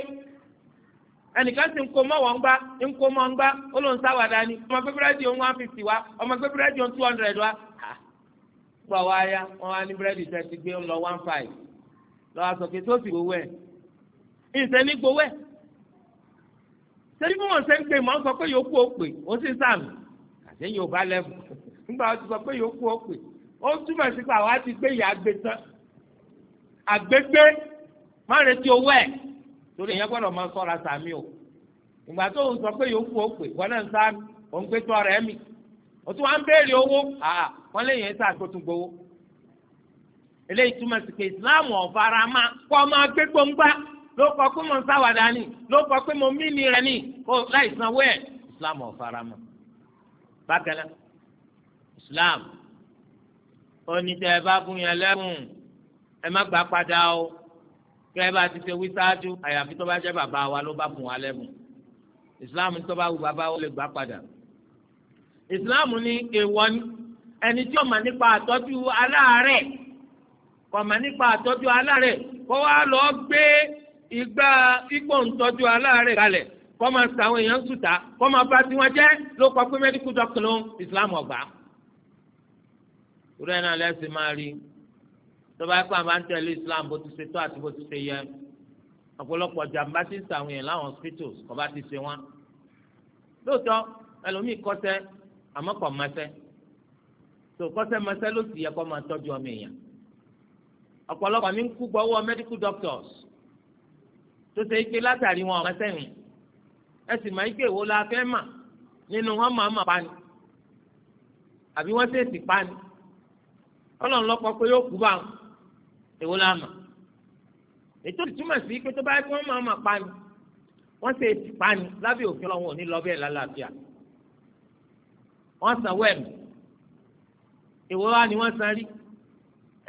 ẹnìkan sì ń kó mọ́ wọn gbá ń kó mọ́ ń gbá ó ló ń sáwàdà ni ọmọ gbé búrẹ́dì òun one fifty wa ọmọ gbé búrẹ́dì òun two hundred wa gbọ́ wa ya wọn wá ní búrẹ́dì tẹ́ gbé ń lọ one five lọ́wọ́ sọ pé tó sì gbowó ẹ̀ ìṣẹ́ ní gbowó ẹ̀ ṣé bí wọ́n ṣe ń pè mọ́ sọ pé yòókù ó pè ó sì sàmì àṣẹ yóò bá lẹ́bù nígbà wọ́n ti sọ pé yòókù ó pè ó túmọ̀ sí pé àwa ti gbé ìyá gbé tán àgbégbé má retí owó ẹ̀ torí ìyẹn gbọ́dọ̀ máa sọ́ra sàmì o ìgbà tó ń sọ pé yòókù ó pè náà ń sàmì òun gbé tọ́ rẹ̀ mì ó tún wá ń béèrè owó wọ́n lè yẹn sá àgbótún gbowó eléyìí túmọ̀ sí pé ìsìláàmù ọ̀fara ló kọ pé mo ń sáwàdà ni ló kọ pé mo mí ni rẹ ni kó láì sanwó ẹ̀ islam ò fara mọ́ bákan náà islam ó ní tẹ ẹ bá bùn yẹn lẹ́bùn ẹ má gbà padà o kẹ ẹ bá ti ṣe wí sáájú àyàfi tó bá jẹ́ bàbá wa ló bá bùn wa lẹ́bùn islam tó bá wù bàbá wa lè gbà padà islam ní èèwọ̀ ni ẹni tí ó mọ̀ nípa àtọ́jú aláàárẹ̀ kò mọ̀ nípa àtọ́jú aláàárẹ̀ kó wá lọ gbé ìgbà pípọ̀ ntọ́jú aláàárẹ̀ kalẹ̀ kọ́ máa sa àwọn èèyàn sùtà kọ́ máa bá tiwọn jẹ́ ló kọ́ pé mẹ́díkù dọ́kítà ló Islam ọ̀gbà. ìrẹ́ náà lẹ́sìn máa rí tọ́ba ẹ̀kọ́ àbá ń tẹ̀lé Islam bó ti ṣe tó àti bó ti ṣe yẹ ọ̀pọ̀lọpọ̀ jàmbá ti ń sa àwọn èèyàn láwọn hospitals kọ́ bá ti ṣe wọn. lóòótọ́ ẹlòmíì kọ́sẹ́ àmọ́ kọ̀ mọ́sẹ́ tó kọ́sẹ́ mọ́sẹ́ ló sì yẹ kọ́ máa tọ́jú ọmọ èèyàn ọ̀pọ̀lọpọ̀ tó ṣe ike látàrí wọn ọ̀rẹ́ sẹ́mi ẹ sì máa ike wo la fẹ́ mà nínú wọn máa mà pani àbí wọ́n ṣèèṣì pani ọlọ́run lọ́pọ̀ pé yóò kú bá wọn èwo la mà ètò ìtumọ̀ sí pé tó bá yẹ kí wọ́n máa mà pani wọ́n ṣèèṣì pani lábẹ́ òfin ọlọ́run ò ní lọ bẹ́ẹ̀ lálàáfíà wọ́n sanwó ẹ̀mí èwo wa ni wọ́n san rí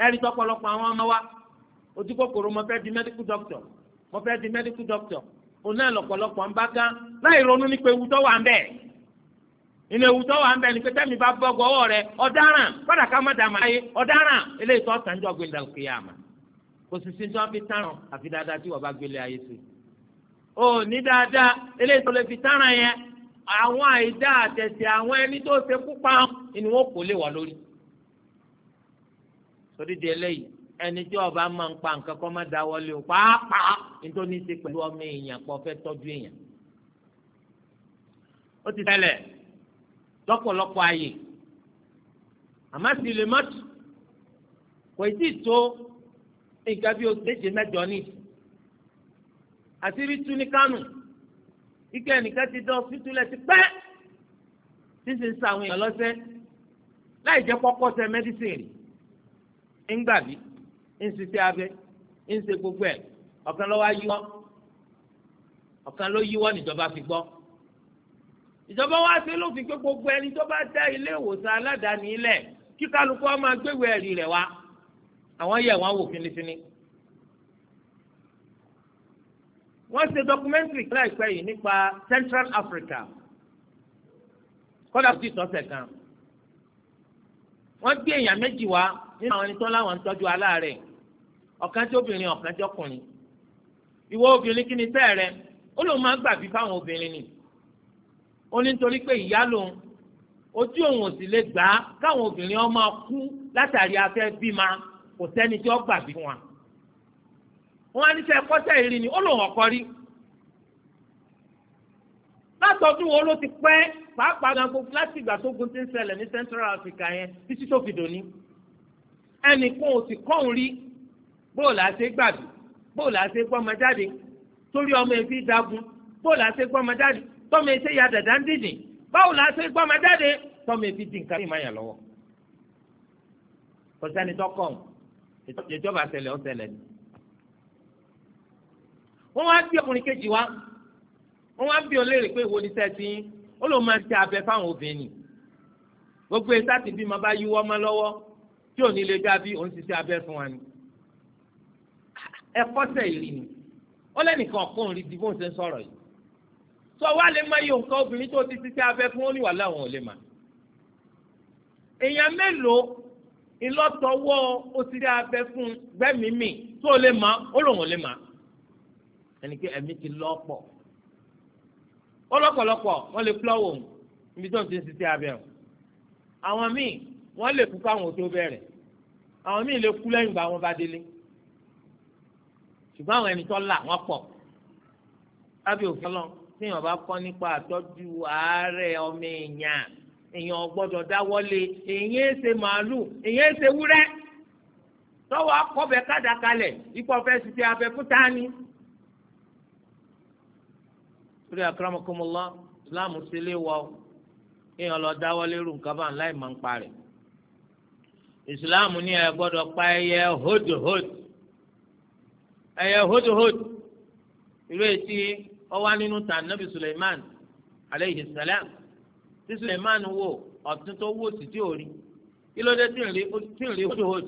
ẹ̀rí tọ́pọ̀lọpọ̀ àwọn ọmọ wa ojú kòkòrò mọ́fẹ́ di medical doctor mo fẹ́ di medical doctor òun náà lọ̀pọ̀lọpọ̀ ń bá gán láì ronú nípa ewu tó wà ń bẹ̀ nínú ewu tó wà ń bẹ̀ ni pé tẹ́mi bá bọ́ gbọ́wọ́ rẹ ọ̀daràn padà ká má dàmà ayé ọ̀daràn eléyìí tó ọ̀sán jọ gbẹ̀dà òkè àmà kò sì sí tí wọ́n fi tán àfi dáadáa tí wọ́n bá gbélé ayé sí o ní dáadáa eléyìí tó lè fi tán yẹn àwọn àìdá àtẹ̀sẹ̀ àwọn ẹni tó ṣe kú pa ni wọ́n kò lè wà lórí sódì eléyìí ẹni tí ọba máa ń pa nǹkan kọ́ má dáwọ́lé o pàápàá nítorí ní ti pẹ̀lú ọmọ èèyàn pọ̀ fẹ́ tọ́jú èèyàn. ó ti ṣẹlẹ̀ lọ́pọ̀lọpọ̀ ààyè àmọ́ sì lè mọ́tò kò tí ì tó nǹkan bí oṣù méje mẹ́jọ ní. àṣírí tú ní kánò ike ẹnìkan ti dán fitulẹ̀ ti pẹ́ sísè ń èèyàn lọ́sẹ̀ láì jẹ́ kọ́kọ́ mẹ́dísìn rí ńgbà bíi ń ṣiṣẹ́ abẹ ń ṣe gbogbo ẹ̀ ọ̀kan ló wá yíwọ́ ọ̀kan ló yíwọ́ níjọba fi gbọ́ ìjọba wa ṣe ló fi gbé gbogbo ẹni tó bá dá ilé ìwòsàn aládàáni ilẹ̀ kí kálukú wa máa gbéwèé ẹ̀rí rẹ̀ wá àwọn yẹ̀ wọ́n wò finifini. wọ́n ṣe documentary kan láìpẹ́ yìí nípa Central Africa kọ́dà sí ìtọ́sẹ̀ kan wọ́n gbé èèyàn méjì wá nínú àwọn ẹni tó láwọn ń tọ́jú aláàárẹ̀ ọ̀kan tí obìnrin ọ̀kan tí ọkùnrin ìwọ obìnrin kí ni tẹ́ rẹ ó lóun máa ń gbàbí fáwọn obìnrin ni ó ní nítorí pé ìyá lòun ojú òun ò sì lè gbà á káwọn obìnrin ọmọ kú látàrí afẹ́ bímọ kò sẹ́ni tí ó gbàbí fún wa wọn á ní sẹ́ kọ́sẹ́ ìrìn ni ó lóun ọkọ rí látọdún wo ló ti pẹ́ pàápàá gan gbogbo láti ìgbà tó gun ti ń ṣẹlẹ̀ ní Central Africa yẹn títí tó fi dòní ẹnìkan ò sì kọ́ òun rí bóòlù àti gbàdú bóòlù àti gbọmọjáde torí ọmọ ẹbí dagun bóòlù àti gbọmọjáde tọmọ ẹsẹ ya dàda ń dìde báwòlù àti gbọmọjáde tọmọ ẹbí di nǹkan ìmọ̀ yẹn lọ́wọ́ kọsẹ́ni tọkọ̀ ìjọba àtẹlẹ ọ̀tẹlẹ ni. wọ́n wá bí ọkùnrin kejì wá wọ́n wá bí ọlẹ́rìí pé ìwọ ni sẹ́ẹ̀tì yín ó abẹ fáwọn obìnrin gbogbo ẹ̀ sáà ti bímọ bá yíwọ́ ọmọ lọ́wọ́ tí ò ní lè dábí òun ti ṣe abẹ fún wa ni ẹ̀kọ́sẹ̀ ìrì ni ó lẹ́nìkan ọ̀kùnrin rí di bó ń ṣe ń sọ̀rọ̀ yìí sọ wá lè má yọ nǹkan obìnrin tó ti ti sí abẹ́ fún oníwà láwọn ò lè mà èèyàn mélòó ìlọ́tọ̀wọ́ òsìrí abẹ́ fún gbẹ́mímì tó lè mà ó lòun ò lè mà ẹni pé ẹ̀mí ti lọ́pọ̀ ó lọ́pọ̀lọpọ̀ wọ́n lè flọ́wọ̀ níbi tó ń ti ń sisi abẹ́ o àwọn míì wọ́n lè kú káwọn tó bẹ̀rẹ̀ àwọn míì lè kú lẹ́yìn ìgbà wọn bá délé ṣùgbọ́n àwọn ẹni tó là wọ́n pọ̀ lábẹ́ òfin lọ téèyàn bá kọ́ nípa àtọ́jú àárẹ̀ ọmọ èèyàn èèyàn gbọ́dọ̀ dáwọ́lé èèyàn ṣe màálù èèyàn ṣe wúrẹ́ tọ́wọ́ akọ́bẹ̀ kádàkalẹ̀ ikú ọ̀fẹ́ sì ti abẹ fún tani. sórí akramakumullah ìsìláàmù sí ilé wa èèyàn lọ dáwọ́lé rú nǹkan bá ń láì máa ń parẹ́ ìsìláàmù ní ẹ gbọ́dọ̀ pa ẹyẹ hódòhódò ẹyẹ eh, hudhud irú etí ọwá nínú ta nabi suleiman aleyhi salam tí suleiman wò ọ̀tún tó wò sí tí ò rí kí ló dé tí ń rí hudhud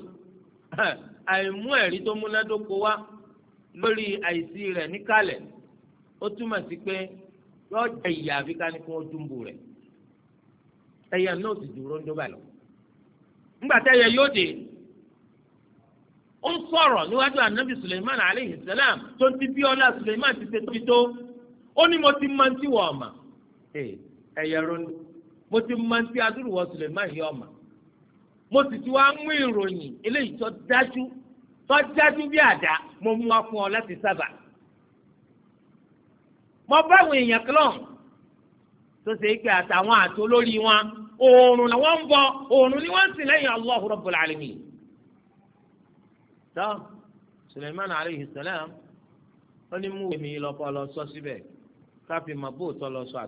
àìmú ẹ̀rí tó múnádóko wá lórí àìsí rẹ̀ níkàlẹ̀ ó túmọ̀ sí pé yọ jẹ ìyá àfi ká ní kí wọ́n dúnbù rẹ̀ ẹyẹ náà sì dúró ń dóbà lọ. ńgbà tẹ́yẹ yóò dé ó ń sọ̀rọ̀ níwájú anabi suleiman aleyhi salam tó ti bí ọlá suleiman ti ṣe tó ó ní mo ti mọ ti wọ̀ ọ̀mà ẹ̀yẹ ronú mo ti mọ ti adúrúwọ̀ suleiman yọ ọ̀mà mo sì ti wá mú ìròyìn eléyìí tó dájú tó dájú bí àdá mo mú wa fún ọ láti sábà mo bá àwọn èèyàn kílọ̀n tó ṣe é pé àtàwọn wọn bọ oòrùn ni ń sìn tọ́ suleiman aleyhi salam ó ní mú wèmí lọ́kọ́ lọ sọ síbẹ̀ káfí ma lọ sọ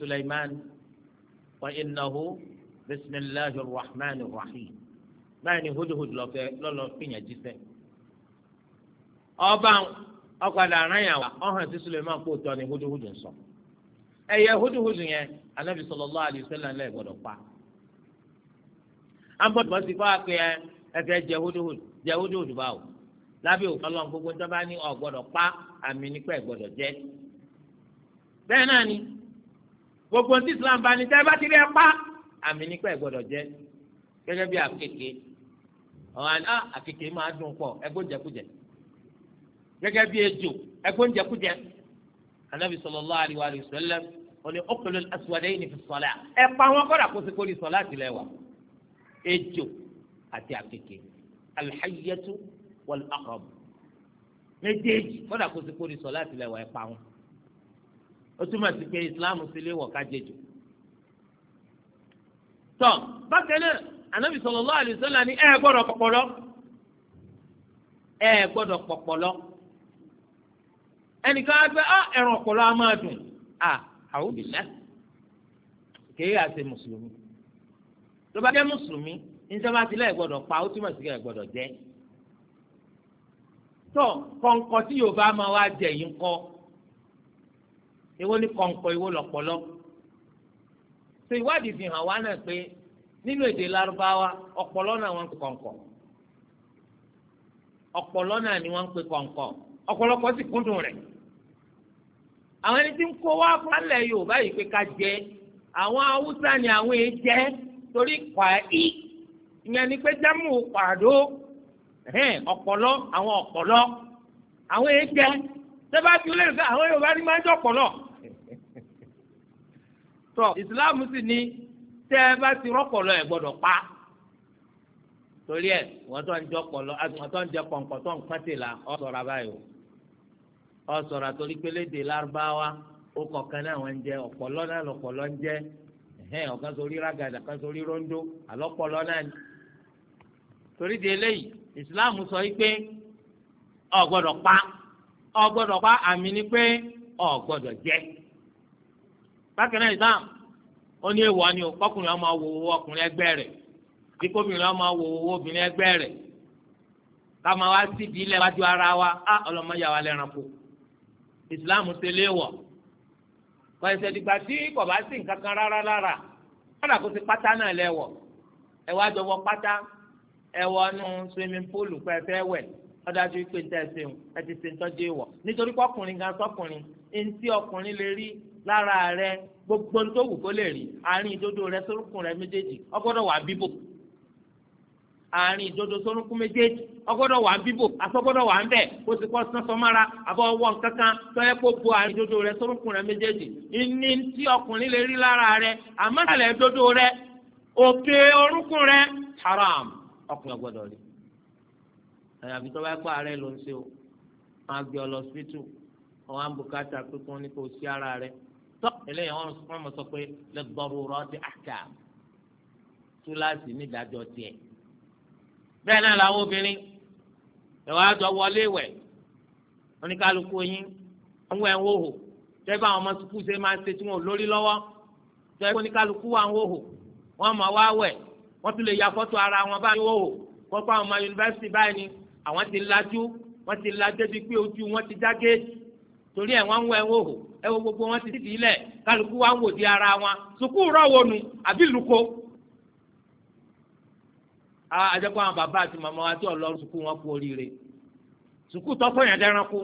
suleiman wa bisimilahi rahman rahim báyìí ni hudhud fìyàn ọba wa sí suleiman ni hudhud hudhud yẹn anabi ambọ̀dù wọn sì fọ́ àpè ẹ ẹfẹ jẹ hódòhódò jẹ hódòhódò báwò lábẹ́ òfin ọlọ́run gbogbo tó bá ní ọ̀gbọ́dọ̀ pa àmì nípa ẹ̀gbọ́dọ̀ jẹ. bẹ́ẹ̀ náà ni gbogbo tí Islam bá ní tẹ́ bá ti rí ẹ pa àmì nípa ẹ̀gbọ́dọ̀ jẹ gẹ́gẹ́ bí àkekèé ọ̀hán á àkekèé máa dùn pọ̀ ẹgbọ́n jẹkújẹ gẹ́gẹ́ bí ejò ẹgbọ́n jẹkújẹ anabi sallallahu alaihi wa sallam ó ní uqulul aswadaini fi ssalah ẹ pa wọn kọ́dà kó ejò àti àkekè alhayyatu wal aqrab méjèèjì kódà kó ti kórè sọ láti lẹwà ẹpa wọn ó túmọ̀ sí pé islam sì lè wọ̀ ká jẹjọ. tọ́ bákan náà anabi sallallahu alaihi wasallam ní ẹ gbọ́dọ̀ pọ̀pọ̀lọ́ ẹ gbọ́dọ̀ pọ̀pọ̀lọ́ ẹnìkan á gbé ah, ẹran ọ̀pọ̀lọ́ á máa dùn à náà kéèyà ṣe mùsùlùmí tó bá jẹ́ mùsùlùmí níjọba ti lẹ́ẹ̀ gbọ́dọ̀ pa ó túmọ̀ sí ẹ̀ gbọ́dọ̀ jẹ́ tó kọ̀ǹkọ̀ tí yorùbá máa wá jẹ yìí ń kọ́ èwo ni kọ̀ǹkọ̀ èwo lọ̀pọ̀lọ́ tó ìwádìí fi hàn wá náà pé nínú èdè lárúbáwá ọ̀pọ̀lọ́ náà wọ́n ń pe kọ̀ǹkọ̀ ọ̀pọ̀lọ́ náà ni wọ́n ń pe kọ̀ǹkọ̀ ọ̀pọ̀lọpọ̀ sì kúndùn rẹ̀ àwọn ẹni tí ń kó wá fún alẹ́ yorùbá yìí pé ká jẹ àwọn haúsá ni àwọn èèyàn jẹ́ torí pàì ìyẹn ni pé jámù pàdó ọ̀pọ̀lọ́ àwọn ọ̀pọ̀lọ́ àwọn èjẹ sẹ́fà tí ó lè fẹ́ àwọn Yorùbá ní máa ń jọ ọ̀pọ̀lọ́ tọ ìsìláàmù sì ni tẹ́ ẹ bá ti rọ́pọ̀lọ́ ẹ̀ gbọ́dọ̀ pa torí ẹ wọ́n tó ń jọ ọ̀pọ̀lọ́ wọ́n tó ń jẹ pọ̀npọ̀ tó ń pẹ́tì la ọ sọ̀rọ̀ abáyò ọ sọ̀rọ̀ torí pé lédè lárúbáwá ó kọ̀ọ̀kan náà wọ́n ń jẹ ọ̀pọ̀lọ́ náà lọ̀pọ̀lọ́ ń jẹ ẹ̀hẹ́n ọ̀kan sórí rágàdà kan sórí róńdó àlọ́pọ̀lọ́ náà ni. torí di eléyìí ìsìláàmù sọ yìí pé ọ̀ gbọ́dọ̀ pa ọ̀ gbọ́dọ̀ pa àmì ni pé ọ̀ gbọ́dọ̀ jẹ́. bákan náà ìsìláàmù ó ní èèwọ̀ ni ọkùnrin ọmọ wo owó ọkùnrin ẹgbẹ́ rẹ̀ bí kóbìnrin ọmọ wo owó obìnrin ẹgbẹ́ rẹ̀ káma wá síbi ilẹ̀ wájú ara wa á ọlọ́mọ yà wá lẹ́ranko ìsìláàmù ṣe léèwọ̀ kọ́ ẹsẹ̀ dìgbà tí kò bá sí nǹkan kan rárá lára kọ́dà kó ti pátá náà lẹ́wọ̀ ẹ wá jọ wọ pátá ẹ wọ inú swimming pool pẹ́ fẹ́ wẹ̀ ọdájú pé níta ẹsẹ̀ ń ẹ ti ṣe ńtọ́jú ìwọ̀ nítorí pọ́kùnrin gan sọ́kùnrin ntí ọkùnrin lè rí lára rẹ gbogbo ntòwù kó lè rí àárín ìdodo rẹ sórúkùn rẹ méjèèjì ọgbọ́dọ̀ wà bíbò àárín ìdodo sórúnkún méjèèjì ọgbọ́dọ̀ wà ń bíbò asọgbọdọ wà ń bẹ kó sì kọ sán sọmára àbọ ọwọ́ nǹkankan tọyẹ kó bo àárín ìdodo rẹ sórúnkún rẹ méjèèjì ní tí ọkùnrin lè rí lára rẹ àmọ́ ìdodo rẹ òkè haram ọkùnrin ọgbọ́dọ̀ rí àyàfi ààrẹ ló ń ṣe o máa gbé ọ lọ síbítù ọwọ́ àbùkátà bẹ́ẹ̀ náà làwọn obìnrin ìwà àjọ wọlé ìwẹ̀ oníkálukú yín ń wẹ̀ ń wòhò tẹ́ bá àwọn ọmọ sukùú ṣe máa ń ṣe tí wọn ò lórí lọ́wọ́ tẹ́ oníkálukú wà ń wòhò wọ́n máa wá wẹ̀ wọ́n tún lè ya fọ́tò ara wọn báyìí wòhò kọ́kọ́ àwọn ọmọ yunifásitì báyìí ni àwọn ti lajú wọ́n ti lajú bíi pé ojú wọn ti já géètì torí ẹ̀ wọ́n ń wẹ̀ ń wòhò ẹ gbogbo wọn ti àjẹpọ̀ àwọn bàbá àti màmá wa tí ọlọ́run sùkú wọn kú oríire sùkú tọ́kọ̀ yẹn dẹ́ran kú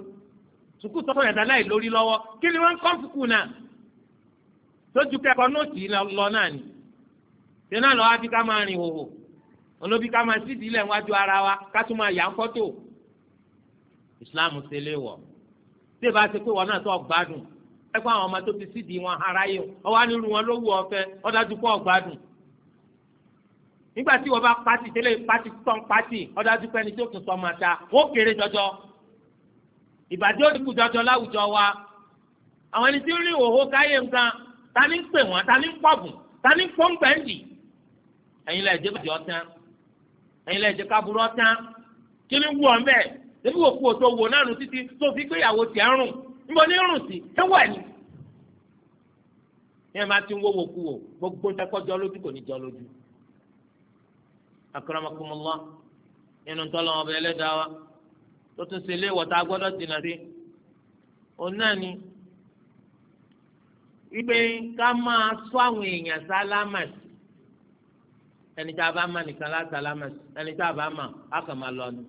sùkú tọ́kọ̀ yẹn dáláì lórí lọ́wọ́ kí ni wọ́n ń kọ́ sùkú náà tójú kẹ́kọ̀ọ́ nóòtì lọ náà ni ṣé náà lọ́wọ́ bí ká máa rìn hòhò olóbi ká máa sídìí ilẹ̀ wájú ara wa ká tún máa yà ń fọ́tò ìsìláàmù ṣe wọ̀ tí ìbá ṣe pé wọn náà tó ọgbádùn ẹgbẹ́ àwọn ọmọ tó fi sídìí wọn aráyè ọwọ́ á wọn ló wù ọ nígbà tí wọ́n bá pati tẹ́lẹ̀ pati tán pati ọ̀dájú pẹ́ni tó kún sọ́mọ ta ó kéré jọjọ ìbàjẹ́ òdìkú jọjọ láwùjọ wa àwọn ẹni tí ń rí òhó káyé nǹkan ta ni ń pè wọ́n ta ni ń pọ̀bùn ta ni ń pọ́ńpẹ́ǹdì ẹ̀yin lẹ́yìn jẹ́ bàjẹ́ ọ̀tán ẹ̀yin lẹ́yìn jẹ́ kábúrú ọ̀tán kí ni wù ọ́ mbẹ́ ebi wò kú òtò wò náà nù títí tó fi gbéyàwó tiẹ̀ ń rùn níbo ní rùn sí ẹ wà ní. ní ẹ máa ti ń wọ́wọ́ kú wò gbogbo ìtẹ́kọ̀jọ́ lójú kò ní jọ lójú akramakumullah nínú tọ́lọ́ ọba ẹlẹ́dàá wa tó tún ṣe ilé ìwọ̀ta gbọ́dọ̀ dìnnà sí òun náà ni ìgbé ká máa sọ àwọn èèyàn sálámà sí ẹni tá a bá mà nìkan lásálámà sí ẹni tá a bá mà á kàn máa lọ ni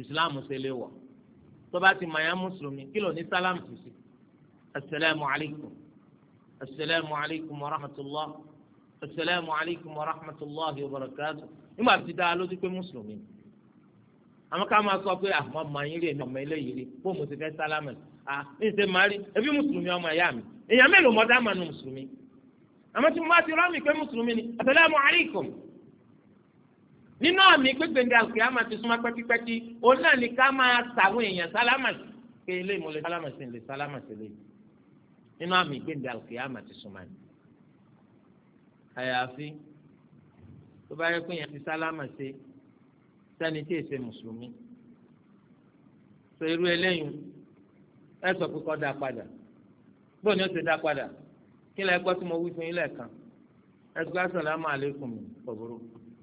ìsìláàmù ṣe lè tó bá ti màyà mùsùlùmí kí ló ní sálámù sí asalaamualeykum asalaamualeykum wa rahmatulah asalaamu alaykum wa rahmatulahi wa barakatu nígbà tí dáa lójú pé mùsùlùmí ni àmọ́ ká máa sọ pé àmọ́ ah, màá yín rí èmi ọmọ eléyìí rí bó mo ti fẹ́ sálámẹ̀ à ń ah, ṣe máa rí ẹbí mùsùlùmí ọmọ ẹ̀yà mi èèyàn mélòó mọ̀ dáàmà nu mùsùlùmí àmọ́ tí mo bá ti rọ́ mi pé mùsùlùmí ni asalaamu alaykum nínú àmì gbẹgbẹndé àlùkìyàmà ti súnmọ́ pẹ́kípẹ́kí òun náà ni ká máa sàwọn èèyàn sálámà sí pé eléyìí mo lè sálámà sí lè sálámà sí lè nínú àmì gbẹgbẹndé àlùkìyàmà ti súnmọ́ ni àyàfi tó bá yẹ kó yẹn ti sálámà ṣe sani tí èsè mùsùlùmí sọ irú eléyìí ẹ sọ pé kọ́ da padà bó ni ó ti da padà kí lẹ gbọ́ tí mo wí fún yín lẹ́ẹ̀kan ẹ sọ pé asàlámù àlékùm kòkòrò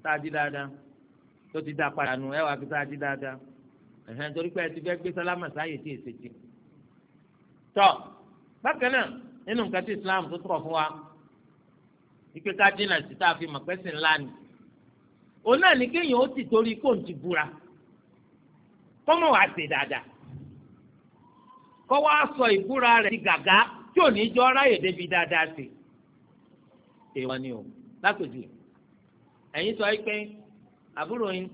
tá a di dáadáa tó ti da padà nù ẹ wà kí tá a di dáadáa ẹ̀hẹ́n torí pé ẹ ti fẹ́ gbé sálámà sáyè tí èsè ti tọ́ bákan náà nínú nǹkan tí Islam tó tọ̀ fún wa. ìpè ká dínà sí tá a fi mọ̀ pẹ́sìn ńlá ni òun náà ní kéèyàn ó ti torí kó ń ti búra ṣe dáadáa kọ́ sọ ìbúra rẹ̀ di gàgá tí ò ní jọ ráyè débi dáadáa sí èèwọ̀ ni o lápèjì ẹ̀yin sọ pé àbúrò yín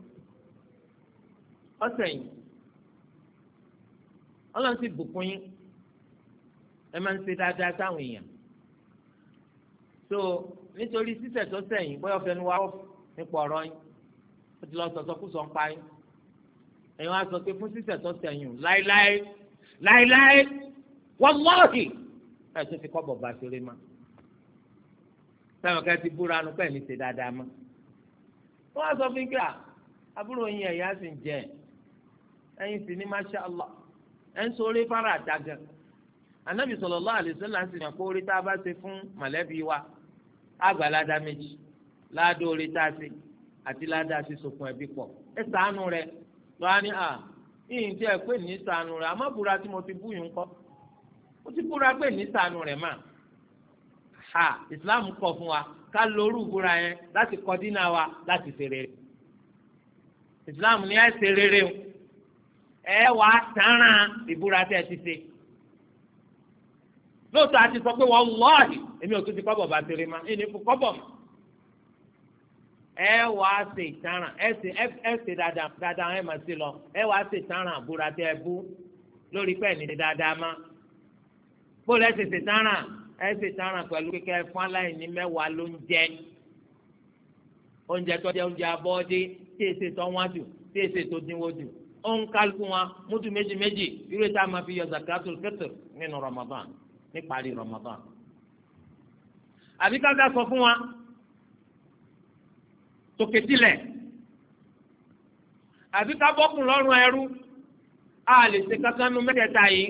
ọ̀sẹ̀ yìí ọlọ́run ti bùkún yín ẹ máa ń ṣe dáadáa sáwọn èèyàn so nítorí sísẹ̀ tó sẹ̀yìn bóyá ọ̀fẹ́ ni wà ó nípa ọ̀rọ̀ yín ó ti lọ sọ̀sọ́ kú sọ ń pa yín ẹ̀yin wá sọ pé fún sísẹ̀ tó sẹ̀yìn láéláé láéláé wọ́n mọ́ọ̀kì ẹ̀ tó fi kọ́ bọ̀ bá ṣeré máa táwọn kan ti búra nu pẹ̀lú ṣe dáadáa mọ́. wọ́n á sọ fún kíá àbúrò yín ẹ̀yà sì ń jẹ́ ẹ̀yin sì ní masha allah ẹ̀ ń sọrí fara àtàgàn. ànábì sallallahu alaihi wasallam sì yàn kó orí tá a bá ṣe fún mọ̀lẹ́bí wa àgbàládá méjì ládó orí tá a ṣe àti ládá a ṣe sokùn ẹbí pọ̀ ẹ ṣàánú rẹ lọ́wọ́ ní à yìnyín tí ẹ pè ní ṣàánú rẹ àmọ́ búra tí mo ti bú yìí ń mo ti búra pé ní ṣàánú rẹ mà ha Islam kọ̀ fún wa ká lórí ìbúra yẹn láti kọ́ dínà wa láti ṣe rere ìsìláàmù ni ẹ ṣe rere o ẹ wàá tán ra ìbúra tẹ́ ẹ ti ṣe lóòótọ́ àti sọ pé wàláhì èmi ò tún ti kọ́bọ̀ bá tèrè ma èmi fún kọ́bọ̀ mọ́. ẹ wá ṣe ìtaràn ẹ ṣe ẹ ṣe dáadáa dáadáa ẹ máa ṣe lọ ẹ wá ṣe ìtaràn àbúrò àti ẹbú lórí pẹ́ẹ́nì ní dáadáa má. bóòlù ẹ ṣe ṣe ìtaràn ẹ ṣe ìtaràn pẹ̀lú kíkẹ́ fún aláìní mẹ́wàá ló ń jẹ oúnjẹ tó jẹ oúnjẹ abọ́dé tí èsè tó wọ́n jù tí èsè tó dínwó jù ó ń kálukú wọn mútu méjì méjì irú ètò àmàfi yọ zakatul fitr nínú Ramadan níparí Ramadan àbí káńtà sọ fún wa tòkè tilẹ̀ àbí ká bọ́kùn lọ́rùn ẹrú a lè ṣe kankan nu mẹ́tẹ̀ẹ̀ta yìí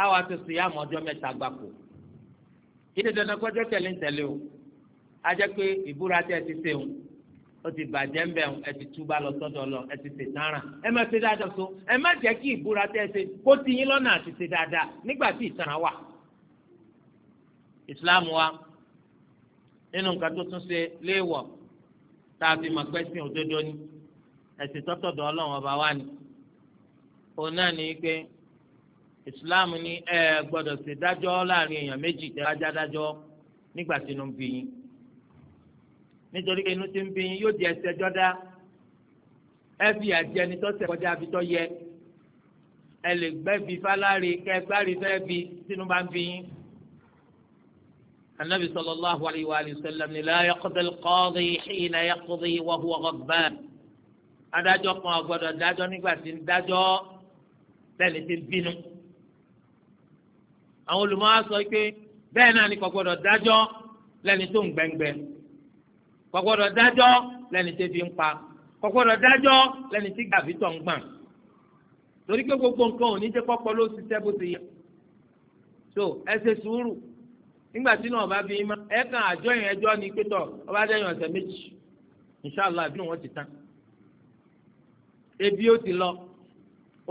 a wà tó sì yá àmọ́ ọjọ́ mẹ́ta gbáko ni dandan kọjọ́ tẹ̀lé ń tẹ̀lé o a jẹ́ pé ìbúra tẹ́ ẹ ti ṣe o ó ti bàjẹ́ ńbẹ̀ ẹ ti túbà lọ sọ́dọ̀ lọ ẹ ti ṣètàn ràn ẹ má ṣe dáadáa so ẹ má jẹ́ kí ìbúra tẹ́ ẹ ṣe kó ti yín lọ́nà àti ṣe dáadáa nígbà tí ìtàn wà islam wa nínú nǹkan tó tún ṣe léèwọ̀ tá a fi mọ̀ pé ẹ̀sìn òdodo ni ẹ̀sìn tọ́tọ̀dọ̀ ọlọ́run ọba wa ni òun náà ní pé islam ní ẹ gbọ́dọ̀ ṣe dájọ́ láàrin èèyàn méjì tẹ́ ajá dájọ́ nígbà tí inú ń bí yín nítorí pé inú ti ń bí yín yóò di ẹsẹ̀ jọ́dá ẹ fi àjẹni tó ṣẹ̀ kọjá àbí yẹ ẹ lè gbẹ́ bí fáláre kẹ́ fẹ́ bí tínú bá ń bí yín. النبي صلى الله عليه وآله وسلم لا يقضي القاضي حين يقضي وهو غضبان adájọ́ kan agbọ́dọ̀ dájọ́ nígbà tí ń dájọ́ tẹni tí ń bínú àwọn olùmọ̀ọ́ sọ pé bẹ́ẹ̀ náà ni kò gbọ́dọ̀ dájọ́ lẹ́ni tó ń gbẹngbẹ́ kò gbọ́dọ̀ dájọ́ lẹ́ni tó fi ń pa kò gbọ́dọ̀ dájọ́ lẹ́ni tí gàfi tó ń gbọ̀n torí pé gbogbo nǹkan ò ní jẹ́ kọ́kọ́ ló ṣiṣẹ́ bó ti yẹ so ẹ ṣe sùúrù. So, nígbà tí náà bá bí i má ẹ kàn àjọ yẹn ẹjọ́ ni pétọ̀ ọba dẹ́yìn ọ̀sẹ̀ méjì inṣàlá àbí wọn ti tán ebi ó ti lọ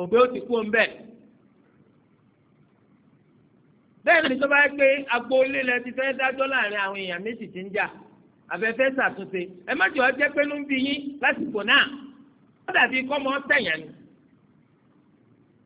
òbí ó ti kú ńbẹ bẹ́ẹ̀ ni tó bá yẹ pé agboolé lẹ ti fẹ́ dájọ́ láàrin àwọn èèyàn méjì tí ń jà àfẹ́fẹ́ ṣàtúnṣe ẹ má jọ jẹ́ pé ló ń bí yín lásìkò náà ó dàbí kọ́mọ tẹ̀yàn ni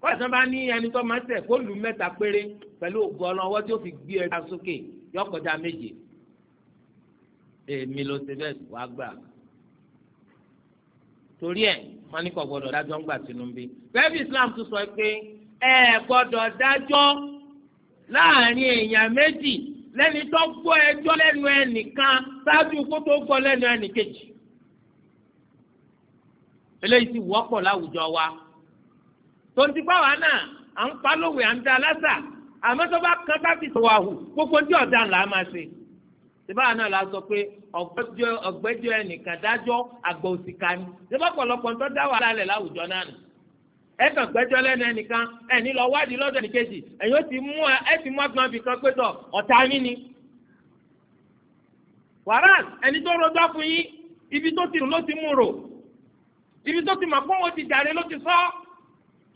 kọ́lá tí wọ́n bá ní ẹni tó máa ń tẹ̀ kó lù mẹ́ta péré pẹ̀lú ògùn ọlọ́wọ́ tí ó fi gbé ẹja sókè yọ kọjá méje èmi ló ṣe bẹ́ẹ̀ wá gbà torí ẹ̀ wọ́n ní kò gbọ́dọ̀ dájọ́ ń gbà Tinubu bẹ́ẹ̀ Islam tún sọ pé ẹ gbọ́dọ̀ dájọ́ láàrin èèyàn méjì lẹ́ni tó gbọ́ ẹjọ́ lẹ́nu ẹnìkan ṣáájú kó tó gbọ́ lẹ́nu ẹnìkejì eléyìí sì wọ́pọ̀ láwùjọ wa tonti fáwọn náà à ń pa lówe à ń da lásà àmọ́ tó bá kan ká fi tòwà hù gbogbo ní ọ̀dà ńlá máa ṣe síbáà náà la sọ pé ọ̀gbẹ́jọ́ ẹnìkan dájọ́ àgbà òsìkà ni síbáà pọ̀lọpọ̀ tó dá wàhálà lẹ̀ láwùjọ náà nù ẹ kàn gbẹ́jọ́ lẹ́nu ẹnìkan ẹni lọ wádìí lọ́dọ̀ ẹnìkejì ẹ̀yin ó ti mú ẹ ti mú agbọn fi kan pé tọ ọ̀tá yín ni. wàrà ẹni tó rojọ́ fún yín ibi tó ti rùn ló ti mú rò ibi tó ti mọ̀ pé òun